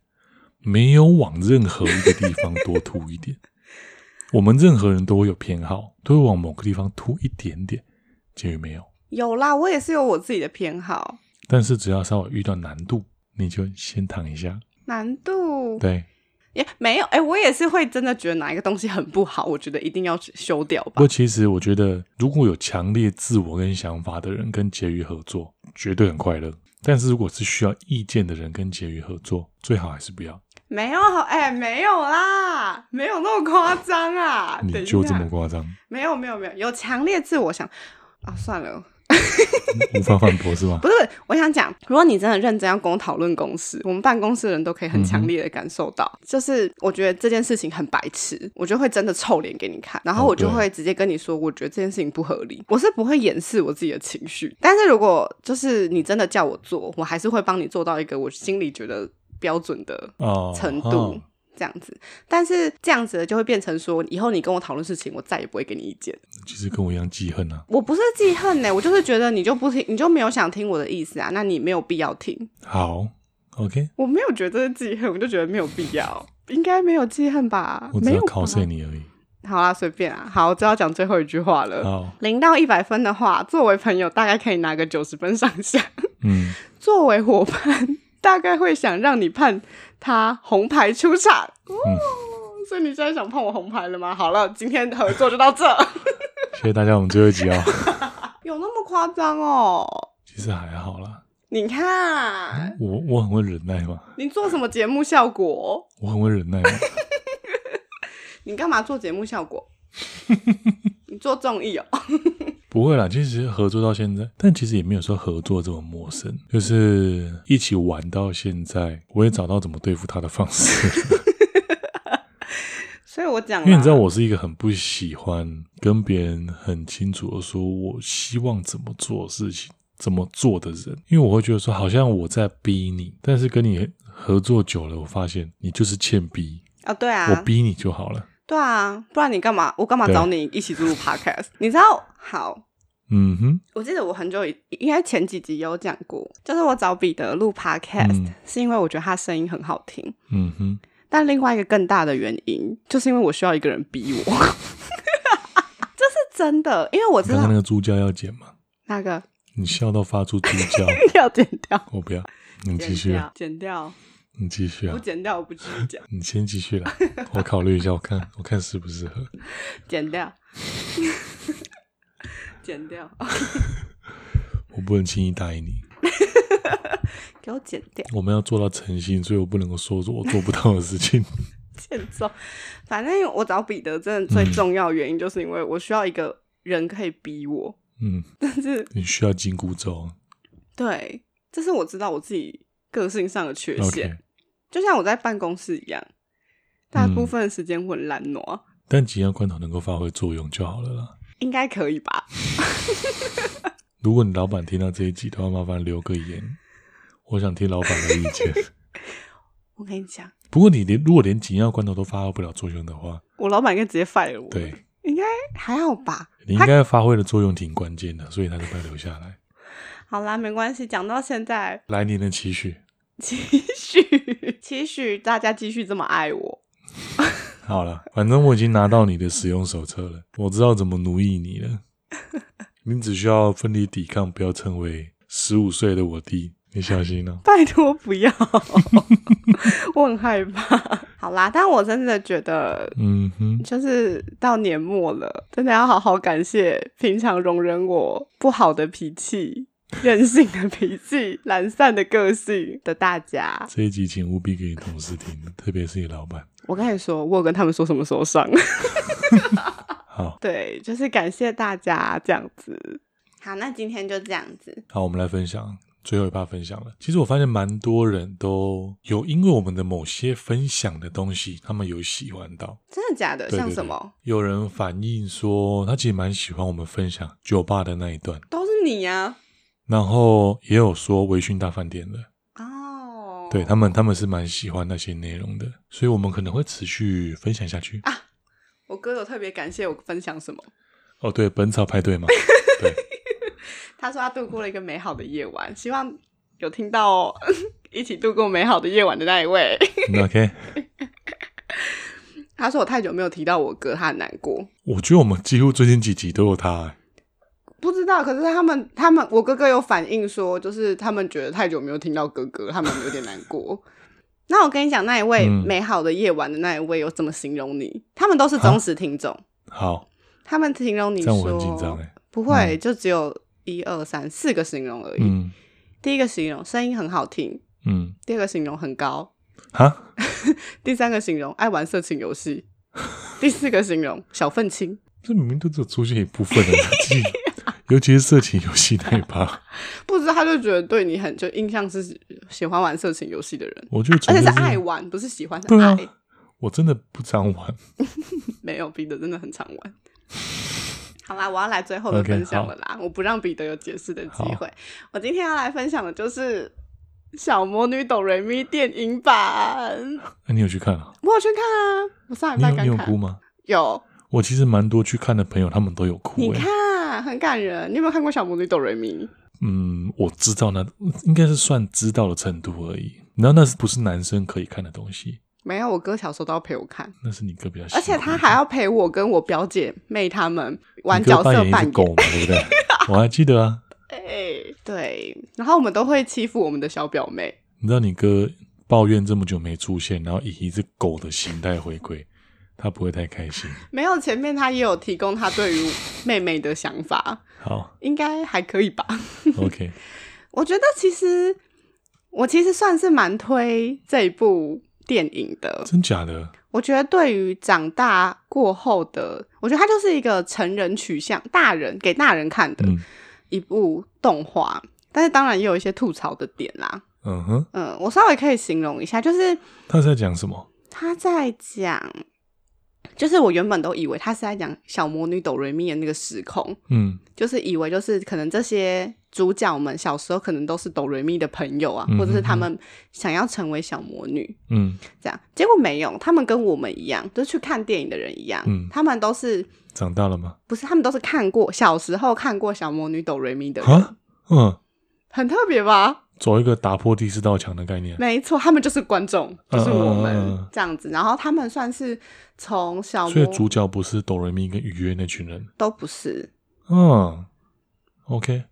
B: 沒有往任何一個地方多凸一點。 我們任何人都會有偏好，都會往某個地方凸一點點。婕妤沒有，
A: 有啦，我也是有我自己的偏好，
B: 但是只要稍微遇到難度。你就先躺一下，
A: 難度對，也沒有哎、欸，我也是會真的覺得哪一個東西很不好，我覺得一定要去修掉
B: 吧。不過其實我覺得，如果有強烈自我跟想法的人跟婕妤合作，絕對很快樂。但是如果是需要意見的人跟婕妤合作，最好還是
A: 不要。沒有好哎、欸，沒有啦，沒有那麼誇張啊。 你就這麼誇張？沒有沒有沒有，有強烈自我想啊，算了。 無法反駁是嗎？不是，我想講，如果你真的認真要跟我討論公司，我們辦公室的人都可以很強烈的感受到、嗯，就是我覺得這件事情很白痴，我就會真的臭臉給你看，然後我就會直接跟你說，我覺得這件事情不合理，哦、我是不會掩飾我自己的情緒。但是如果就是你真的叫我做，我還是會幫你做到一個我心裡覺得標準的程度。哦哦這樣子，但是這樣子就會變成說，以後你跟我討論事情，我再也不會給你意見。
B: 其實跟我一樣記 恨啊，
A: 我不是記恨呢、欸，我就是覺得你就不聽，你就沒有想聽我的意思啊。那你沒有必要聽。好，OK。我沒有覺得是記恨，我就覺得沒有必要，應該沒有記恨吧。我只要
B: 靠睡你而已。
A: 好啦，隨便啊。好，我就要講最後一句話了。零到一百分的話，作為朋友大概可以拿個九十分上下。嗯。作為夥伴，大概會想讓你判。他紅牌出場、哦嗯，所以你現在想碰我紅牌了嗎？好了，今天合作就到這。
B: 謝謝大家，我們最後一集哦，
A: 有那麼誇張哦？
B: 其實還好啦。
A: 你看，嗯、
B: 我我很會忍耐嗎？
A: 你做什麼節目效果？
B: 我很會忍耐。
A: 你幹嘛做節目效果？ 你做綜藝哦。
B: 不會啦，其實合作到現在，但其實也沒有說合作這麼陌生，就是一起玩到現在，我也找到怎麼對付他的方式。
A: 所以我講，因為你知道，
B: 我是一個很不喜歡跟別人很清楚的說我希望怎麼做事情、怎麼做的人，因為我會覺得說好像我在逼你，但是跟你合作久了，我發現你就是欠逼啊。哦，對啊，我逼你就好了。
A: 對啊，不然你幹嘛？我幹嘛找你一起錄 podcast？你知道？好，嗯哼。我記得我很久以，應該前幾集有講過，就是我找彼得錄 podcast，、嗯、是因為我覺得他聲音很好聽，嗯哼。但另外一個更大的原因，就是因為我需要一個人逼我。 這是真的，因為我知道剛剛
B: 那個豬叫要剪嗎？那個，你笑到發出豬叫
A: 要剪掉？我不
B: 要，你繼續。剪掉。剪掉你繼續啊！我剪掉，我不繼續講。你先繼續了，我考慮一下， 我看我看適不適合。
A: 剪掉， 剪掉。
B: 我不能輕易答應你。 給
A: 我剪掉。我
B: 們要做到誠信，所以我不能夠說出我做不到的事情。
A: 見 招，反正我找彼得真的最重要原因，就是因為我需要一個人可以逼我。
B: 嗯，但是你需要緊箍咒。
A: 對，這是我知道我自己。個性上的缺陷，okay. 就像我在辦公室一樣，大部分的時間會懶惰、嗯。
B: 但緊要關頭能夠發揮作用就好了啦。
A: 應該可以吧？
B: 如果你老板聽到這一集的話，麻煩留個言，我想聽老板的意見。
A: 我跟你講，
B: 不過你連如果連緊要關頭都發揮不了作用的話，
A: 我老板應該直接廢了我。對，應該還好吧？
B: 你應該發揮的作用挺關鍵的，所以他就不要留下來。
A: 好啦，沒關係，講到現在，
B: 來年的期許。
A: 繼續，繼續，大家繼續這麼愛我。
B: 好了，反正我已經拿到你的使用手冊了，我知道怎麼奴役你了。 你只需要奮力抵抗，不要成為十五歲的我弟。你小心了，
A: 喔，拜托不要， 我很害怕。 好啦，但我真的覺得，嗯，就是到年末了，嗯，真的要好好感謝平常容忍我不好的脾氣。任性的脾氣、懶散的個性的大家，
B: 這一集請務必給你同事聽， 特別是
A: 你老闆。我跟你說，我跟他們說什麼時候上。 好，對，就是感謝大家這樣子。好，那今天就這樣子。好，我們來分享
B: 最後一趴，分享了。其實我發現蠻多人都有因為我們的某些分享的東西，他們有喜歡到。
A: 真的假的？對對對，像什麼？
B: 有人反映說，他其實蠻喜歡我們分享酒吧的那一段。
A: 都是你呀、啊。
B: 然後也有說微醺大飯店的哦，對他們他們是蠻喜歡那些內容的，所以我們可能會持續分享下去啊。
A: 我哥有特別感謝我分享什麼？
B: 哦，對，本草派對嗎？ 對，
A: 他說他度過了一個美好的夜晚，希望有聽到、哦、一起度過美好的夜晚的那一位。 OK，他說我太久沒有提到我哥，他很難過。
B: 我覺得我們幾乎最近幾集都有他。
A: 不知道，可是他們，他們我哥哥有反映說，就是他們覺得太久沒有聽到哥哥，他們有點難過。 那我跟你講，那一位美好的夜晚的那一位、嗯、有怎麼形容你？他們都是忠實聽眾。好，他們形容你說，說、這樣我很緊張欸、不會、嗯，就只有一二三四個形容而已。嗯、第一個形容聲音很好聽。
B: 嗯。
A: 第二個形容很高。哈 第三個形容愛玩色情遊戲。 第四個形容小憤青。
B: 這明明都只有出現一部分的。 尤其是色情遊戲那一把，
A: 不知道他就覺得對你很就印象是喜歡玩色情遊戲的人，我就覺得是、啊，而且是愛玩，不是喜歡。啊、
B: 我真的不常玩。
A: 沒有彼得真的很常玩。 好啦，我要來最後的分享了啦，okay, 我不讓彼得有解釋的機會。我今天要來分享的就是《小魔女哆瑞咪》電影版。那、欸、你有去看啊？我有去看啊，我上禮拜剛看。你有你有哭嗎？有。
B: 我其實蠻多去看的朋友，他們都有哭、欸。你看。
A: 很感人，你有沒有看過《小魔女 DoReMi》？嗯，
B: 我知道那應該是算知道的程度而已。你知道那是不是男生可以看的東西？
A: 沒有，我哥小時候都要陪我看。
B: 那是你哥比較喜歡。而且
A: 他還要陪我跟我表姐妹他們玩角色扮演狗嘛，
B: 對不對？ 我還記得啊。
A: 哎，對。然後我們都會欺負我們的小表妹。你
B: 知道你哥抱怨這麼久沒出現，然後以一隻狗的形態回歸。他不會太開心。
A: 沒有，前面他也有提供他對於妹妹的想法。好，應該還可以吧。 OK，我覺得其實我其實算是蠻推這一部電影的。真假的？我覺得對於長大過後的，我覺得它就是一個成人取向、大人給大人看的一部動畫。嗯。但是當然也有一些吐槽的點啦。嗯哼。嗯、呃，我稍微可以形容一下，就是
B: 他在講什麼？
A: 他在講。就是我原本都以為他是在講小魔女 DoReMi 的那個時空，嗯，就是以為就是可能這些主角們小時候可能都是 DoReMi 的朋友啊、嗯哼哼，或者是他們想要成為小魔女，嗯，這樣。結果沒有，他們跟我們一樣，就去看電影的人一樣，嗯、他們都是長大了嗎？不是，他們都是看過小時候看過小魔女 DoReMi 的啊，
B: 嗯，
A: 很特別吧？
B: 走一個打破第四道牆的概念，
A: 沒錯，他們就是觀眾，呃、就是我們這樣子、呃。然後他們算是從小，所以主
B: 角不是 DoReMi 跟羽月那群人，
A: 都不是。嗯、
B: 哦，OK，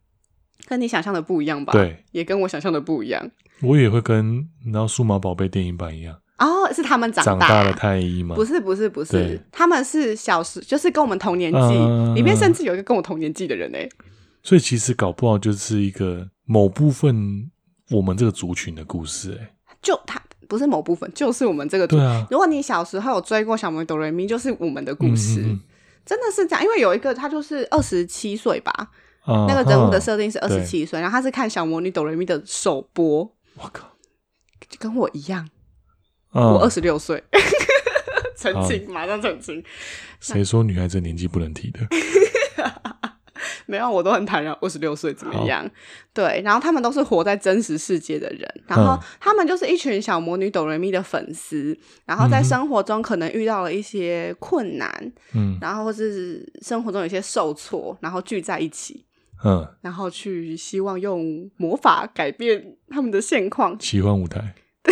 A: 跟你想象的不一樣吧？對，也跟我想象的不一樣。
B: 我也會跟然後數碼寶貝電影版一樣。
A: 哦，是他們長大，長大的
B: 太一嗎？不是，不是，不是，
A: 他們是小時，就是跟我們同年紀、呃。裡面甚至有一個跟我同年紀的人哎、欸。
B: 所以其實搞不好就是一個某部分。我們這個族群的故事、欸，
A: 哎，就他不是某部分，就是我們這個族。對、啊、如果你小時候有追過《小魔女 DoReMi》，就是我們的故事。嗯嗯嗯，真的是這樣。因為有一個他就是二十七歲吧、
B: 哦，那個人物的設定是二十七
A: 歲，然後他是看《小魔女 DoReMi》的首播。我靠，就跟我一樣，
B: 哦、我
A: 二十六歲， 澄清，哦，馬上澄清，
B: 誰說女孩子年紀不能提的？
A: 沒有，我都很坦然。二十六歲怎麼樣？對，然後他們都是活在真實世界的人，然後他們就是一群小魔女哆瑞咪的粉絲，然後在生活中可能遇到了一些困難，嗯，然後或是生活中有些受挫，然後聚在一起，
B: 嗯，
A: 然後去希望用魔法改變他們的現況。
B: 喜歡舞台。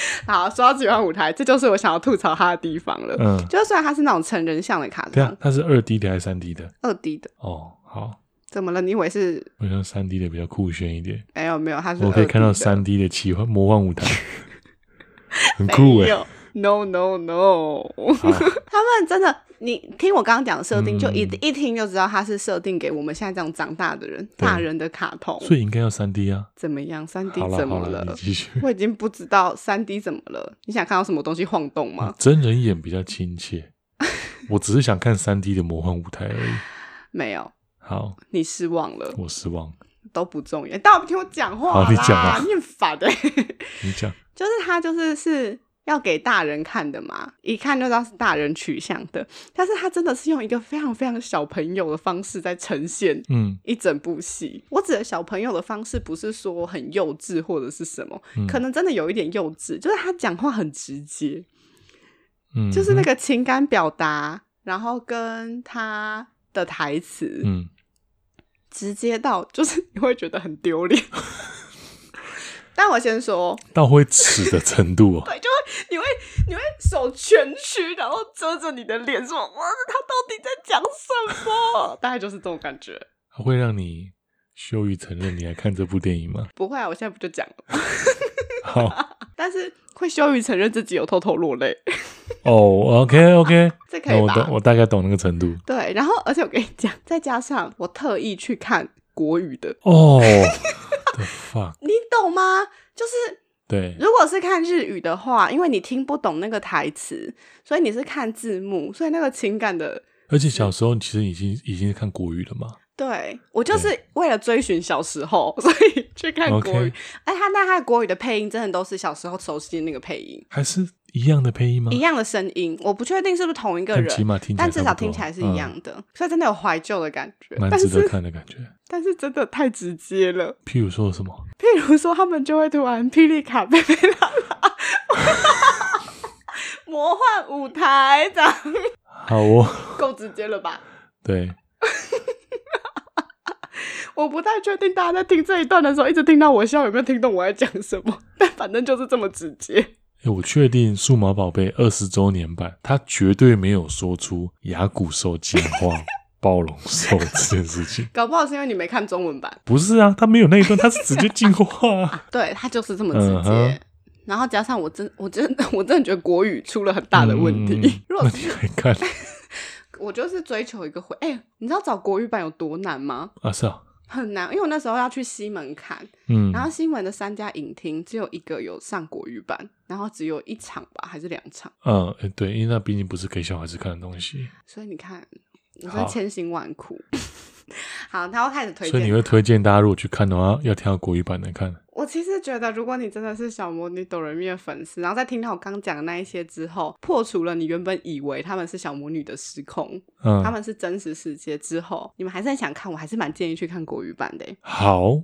A: 好，說到奇幻舞台，這就是我想要吐槽他的地方了。嗯，就算他是那種成人向的卡，對啊，
B: 他是二 D 的還是三 D 的？二 D 的。哦，好，
A: 怎麼了？你以為是？
B: 好像三 D 的比較酷炫一點。沒有沒有，他是我可以看到三 D 的奇幻魔幻舞台， 很酷、欸。沒
A: No no no！他們真的，你聽我剛剛講的設定，就一、嗯、一聽就知道他是設定給我們現在這樣長大的人，大人的卡通。所以應
B: 該要三 D 啊？
A: 怎麼樣？三 D 怎麼
B: 了？
A: 我已經不知道三 D 怎麼了。你想看到什麼東西晃動嗎？
B: 真人眼比較親切。 我只是想看三 D 的魔幻舞台而已。
A: 沒有。好，你失望了。我失望了。都不重要，大不聽我講話啦！念法的。你講、欸。就是他，就是是。要給大人看的嘛，一看就知道是大人取向的。但是他真的是用一個非常非常小朋友的方式在呈現，嗯，一整部戲、嗯。我指的小朋友的方式不是說很幼稚或者是什麼，嗯、可能真的有一點幼稚，就是他講話很直接，嗯，就是那個情感表達，然後跟他的台詞、嗯，直接到就是你會覺得很丟臉。但我先說
B: 到會恥的程度、喔，哦。
A: 對，就會你會你會手蜷曲，然後遮着你的臉，說哇，他到底在講什麼？ 大概就是這種感覺。
B: 他會讓你羞於承認你來看這部電影嗎？
A: 不會啊，我現在不就講了。 oh. 但是會羞於承認自己有偷偷落淚。
B: 哦、 oh,，OK OK， 這可以我懂，我大概懂那個程度。
A: 對，然後而且我跟你講，再加上我特意去看國語的哦。Oh. 你懂嗎？就是對，如果是看日語的話，因為你聽不懂那個台詞，所以你是看字幕，所以那個情感的。
B: 而且小時候你其實已經已經是看國語了嘛
A: 對。對，我就是為了追尋小時候，所以去看國語。哎、okay.，他那他國語的配音真的都是小時候熟悉的那個配音，
B: 還是？一樣的配音嗎？一
A: 樣的聲音，我不確定是不是同一個人，但，起碼聽但至少聽起來是一樣的，嗯，所以真的有懷舊的感覺，蠻值得看的感覺但。但是真的太直接了。譬如說什麼？譬如說他們就會突然霹靂卡貝貝拉、拉，哈 魔幻舞台這樣，
B: 好哦，
A: 夠直接了吧？
B: 對，
A: 我不太確定大家在聽這一段的時候，一直聽到我笑有沒有聽懂我在講什麼，但反正就是這麼直接。
B: 哎、欸，我確定數碼寶貝二十周年版，他絕對沒有說出亞古獸進化 暴龍獸這件事情。
A: 搞不好是因為你沒看中文版。
B: 不是啊，他沒有那一段，他是直接進化，啊 啊。
A: 對他就是這麼直接，嗯。然後加上我真，我真的，我真的覺得國語出了很大的問題。嗯、如果那你沒看， 我就是追求一個會。哎、欸，你知道找國語版有多難嗎？啊是啊。很難，因為我那時候要去西門看，嗯，然後西門的三家影廳只有一個有上國語版，然後只有一場吧，還是兩場？
B: 嗯，誒，對，因為那畢竟不是給小孩子看的東西，
A: 所以你看，你說千辛萬苦，好， 好然後他會開始推薦，所以你會
B: 推薦大家如果去看的話，要挑國語版來看。
A: 我其實覺得，如果你真的是小魔女 DoReMi 的粉絲，然後在聽到我剛講的那一些之後，破除了你原本以為他們是小魔女的時空，嗯，他們是真實世界之後，你們還是很想看，我還是蠻建議去看國語版的。
B: 好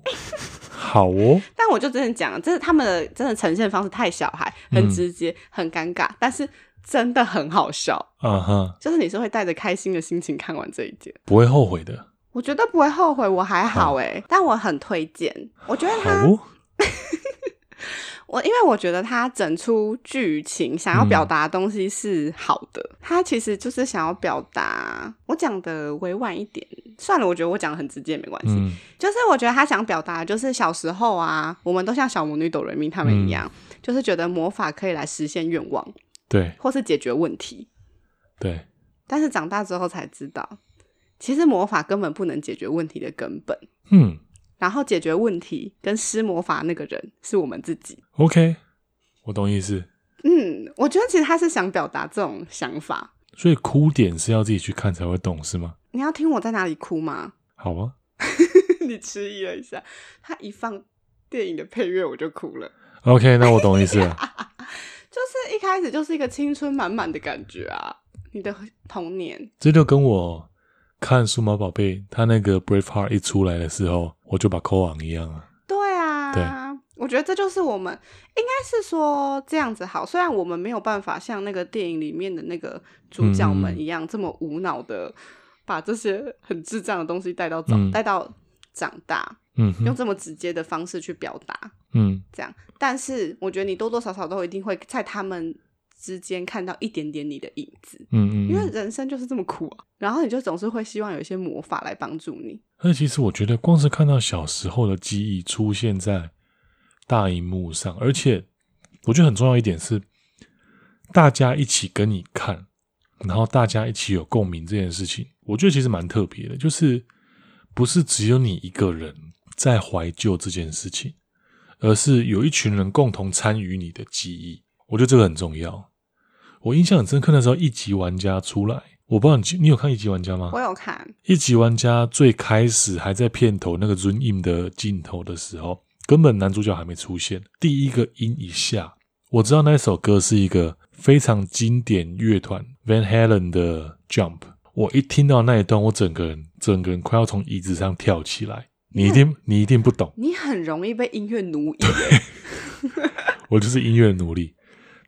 B: 好哦，
A: 但我就真的講，就是他們的真的呈現的方式太小孩，很直接、嗯，很尷尬，但是真的很好笑，嗯哼，就是你是會帶着開心的心情看完這一集，
B: 不會後悔的。
A: 我覺得不會後悔，我還好哎，但我很推薦，我覺得呢、哦。我因為我覺得他整出劇情想要表達的東西是好的，嗯、他其實就是想要表達，我講的委婉一點算了，我覺得我講的很直接沒關係、嗯。就是我覺得他想表達，就是小時候啊，我們都像小魔女、嗯、DoReMi 他們一樣，就是覺得魔法可以來實現願望，對，或是解決問題，
B: 對。
A: 但是長大之後才知道，其實魔法根本不能解決問題的根本。嗯。然後解決問題跟施魔法那個人是我們自己。
B: OK，我懂意思。
A: 嗯，我覺得其實他是想表達這種想法。
B: 所以哭點是要自己去看才會懂是嗎？
A: 你要聽我在哪裡哭嗎？好啊。 你遲疑了一下，他一放電影的配樂我就哭了。
B: OK，那我懂意思了。
A: 就是一開始就是一個青春滿滿的感覺啊，你的童年。
B: 這就跟我。看數碼寶貝，他那個 Brave Heart 一出來的時候，我就把扣網一樣啊。
A: 對啊，對啊，我覺得這就是我們應該是說這樣子好。雖然我們沒有辦法像那個電影裡面的那個主角們一樣，嗯、這麼無腦的把這些很智障的東西帶到長帶、嗯、到長大，嗯，用這麼直接的方式去表達，嗯，這樣。但是我覺得你多多少少都一定會在他們。之間看到一點點你的影子，嗯,嗯嗯，因為人生就是這麼苦啊，然後你就總是會希望有一些魔法來幫助你。那
B: 其實我覺得，光是看到小時候的記憶出現在大熒幕上，而且我覺得很重要一點是，大家一起跟你看，然後大家一起有共鳴這件事情，我覺得其實蠻特別的，就是不是只有你一個人在懷舊這件事情，而是有一群人共同參與你的記憶，我覺得這個很重要。我印象很深刻那時候，《一級玩家》出來，我不知道你你有看《一級玩家》嗎？我有看《一級玩家》最開始還在片頭那個《Zoom In》的鏡頭的時候，根本男主角還沒出現。第一個音一下，我知道那首歌是一個非常經典樂團 Van Halen 的《Jump》。我一聽到那一段，我整個人整個人快要從椅子上跳起來。你一定你，你一定不懂，
A: 你很容易被音樂奴役。
B: 我就是音樂奴隸，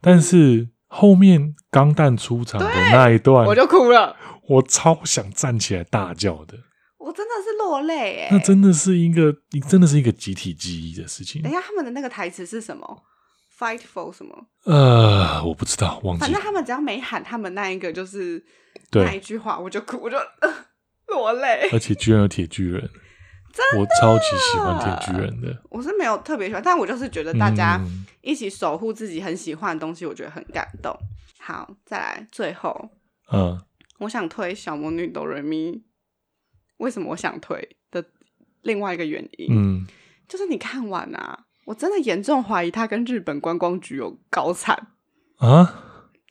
B: 但是。嗯後面鋼彈出場的那一段，我就哭了，我超想站起來大叫的，
A: 我真的是落淚，誒。那真
B: 的是一個，真的是一個集體記憶的事情。哎呀，
A: 他們的那個台詞是什麼？Fight for 什麼？呃，我不
B: 知道，忘記了。反
A: 正他們只要沒喊他們那一個，就是那一句話，我就哭，我就、呃、落淚。而且
B: 居然有鐵巨人。我超級喜歡這個巨人的。
A: 的我是沒有特別喜歡，但我就是覺得大家一起守護自己很喜歡的東西，我覺得很感動。嗯、好，再來最後，嗯，我想推小魔女 DoReMi。為什麼我想推的另外一個原因，嗯，就是你看完啊，我真的嚴重懷疑他跟日本觀光局有高產啊。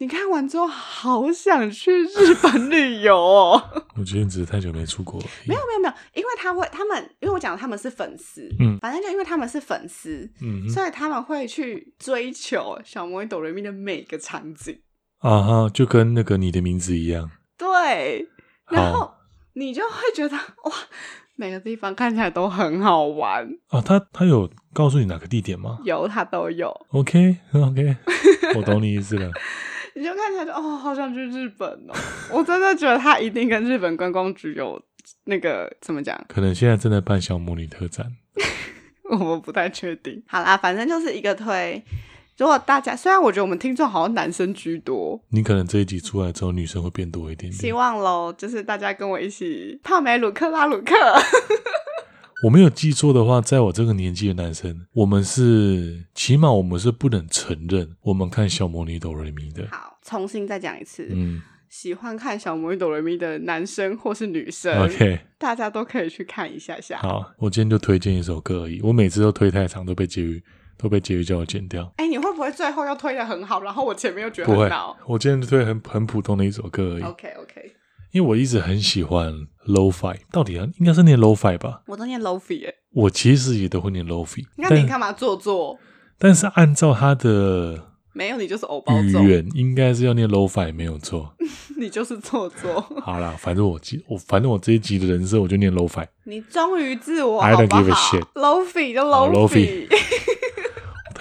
A: 你看完之後，好想去日本旅遊哦！ 我
B: 覺得你只是太久沒出國了
A: 沒有沒有沒有，因為他會，他們因為我講他們是粉絲，嗯，反正就因為他們是粉絲，嗯，所以他們會去追求《小魔女 DoReMi》的每個場景
B: 啊，哈，就跟那個你的名字一樣，
A: 對。然後你就會覺得哇，每個地方看起來都很好玩
B: 啊！他他有告訴你哪個地點嗎？
A: 有，他都有。
B: OK OK，我懂你意思了。
A: 你就看起來就哦，好想去日本哦！我真的覺得他一定跟日本觀光局有那個怎麼講？
B: 可能現在正在辦小魔女特展，
A: 我不太確定。好啦，反正就是一個推。如果大家雖然我覺得我們聽眾好像男生居多，
B: 你可能這一集出來之後女生會變多一點點。希
A: 望嘍，就是大家跟我一起泡美魯克拉魯克。
B: 我沒有記錯的話，在我這個年紀的男生，我們是起碼我們是不能承認我們看小魔女 DoReMi 的。
A: 好，重新再講一次，嗯，喜歡看小魔女 DoReMi 的男生或是女生，OK，大家都可以去看一下下。好，
B: 我今天就推薦一首歌而已，我每次都推太長，都被婕妤都被婕妤叫我剪掉。
A: 哎、欸，你會不會最後又推的很好，然後我前面又覺得很不好。
B: 我今天就推很很普通的一首歌而已。OK OK。因為我一直很喜歡 Lo-Fi，到底應該是念 Lo-Fi 吧？
A: 我都念 Lo-Fi 哎、欸。
B: 我其實也都會念 Lo-Fi。那你幹嘛做作？但是按照他的
A: 沒有，你就是偶包。語言
B: 應該是要念 Lo-Fi 沒有錯。
A: 你就是做作。
B: 好啦，反正我記我，反正我這一集的人設，我就念 Lo-Fi
A: 你忠於自我，好不好？I don't give a shit. Lo-Fi 就 Lo-Fi。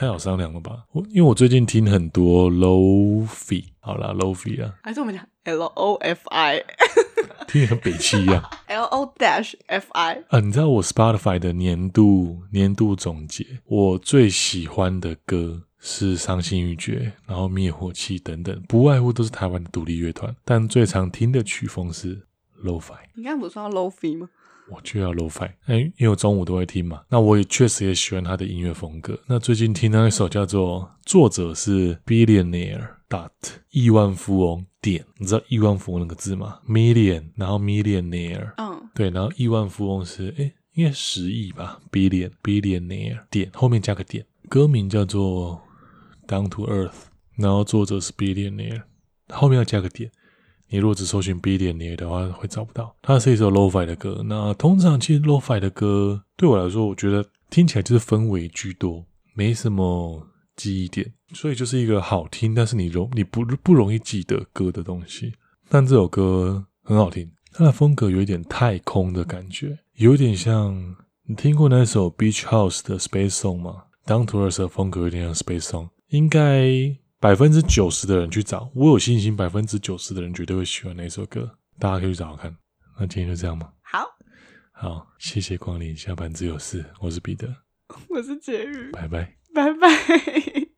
B: 太好商量了吧？我因為我最近聽很多 lofi，好啦 lofi 啊，還
A: 是我們講 lofi，
B: 聽得北七一、啊、樣
A: ，lo fi。
B: 啊，你知道我 Spotify 的年度年度總結，我最喜歡的歌是傷心欲絕，然後滅火器等等，不外乎都是台灣的獨立樂團，但最常聽的曲風是 lofi。
A: 你剛剛不是說到 lofi 嗎？
B: 我就要 Lo-Fi，哎、欸，因為我中午都會聽嘛。那我也確實也喜歡他的音樂風格。那最近聽到一首叫做《作者是 Billionaire》。dot 億萬富翁點，你知道億萬富翁那個字嗎？Million，然後 Millionaire。嗯，對，然後億萬富翁是哎、欸，應該十億吧？Billion，Billionaire 點後面加個點。歌名叫做《Down to Earth》，然後作者是 Billionaire，後面要加個點。你如果只搜尋 B 點你的話，會找不到。它是一首 Lo-Fi 的歌。那通常其實 Lo-Fi 的歌，對我來說，我覺得聽起來就是氛圍居多，沒什麼記憶點。所以就是一個好聽，但是你容你不不容易記得歌的東西。但這首歌很好聽，它的風格有一點太空的感覺，有點像，你聽過那首 Beach House 的 Space Song 嗎？Down to Earth 的時候，風格有點像 Space Song，應該。百分之九十的人去找，我有信心，百分之九十的人絕對會喜歡那首歌。大家可以去找找看。那今天就這樣吧？好好，謝謝光臨。下班自由室，我是彼得，我是婕妤，拜拜，拜拜。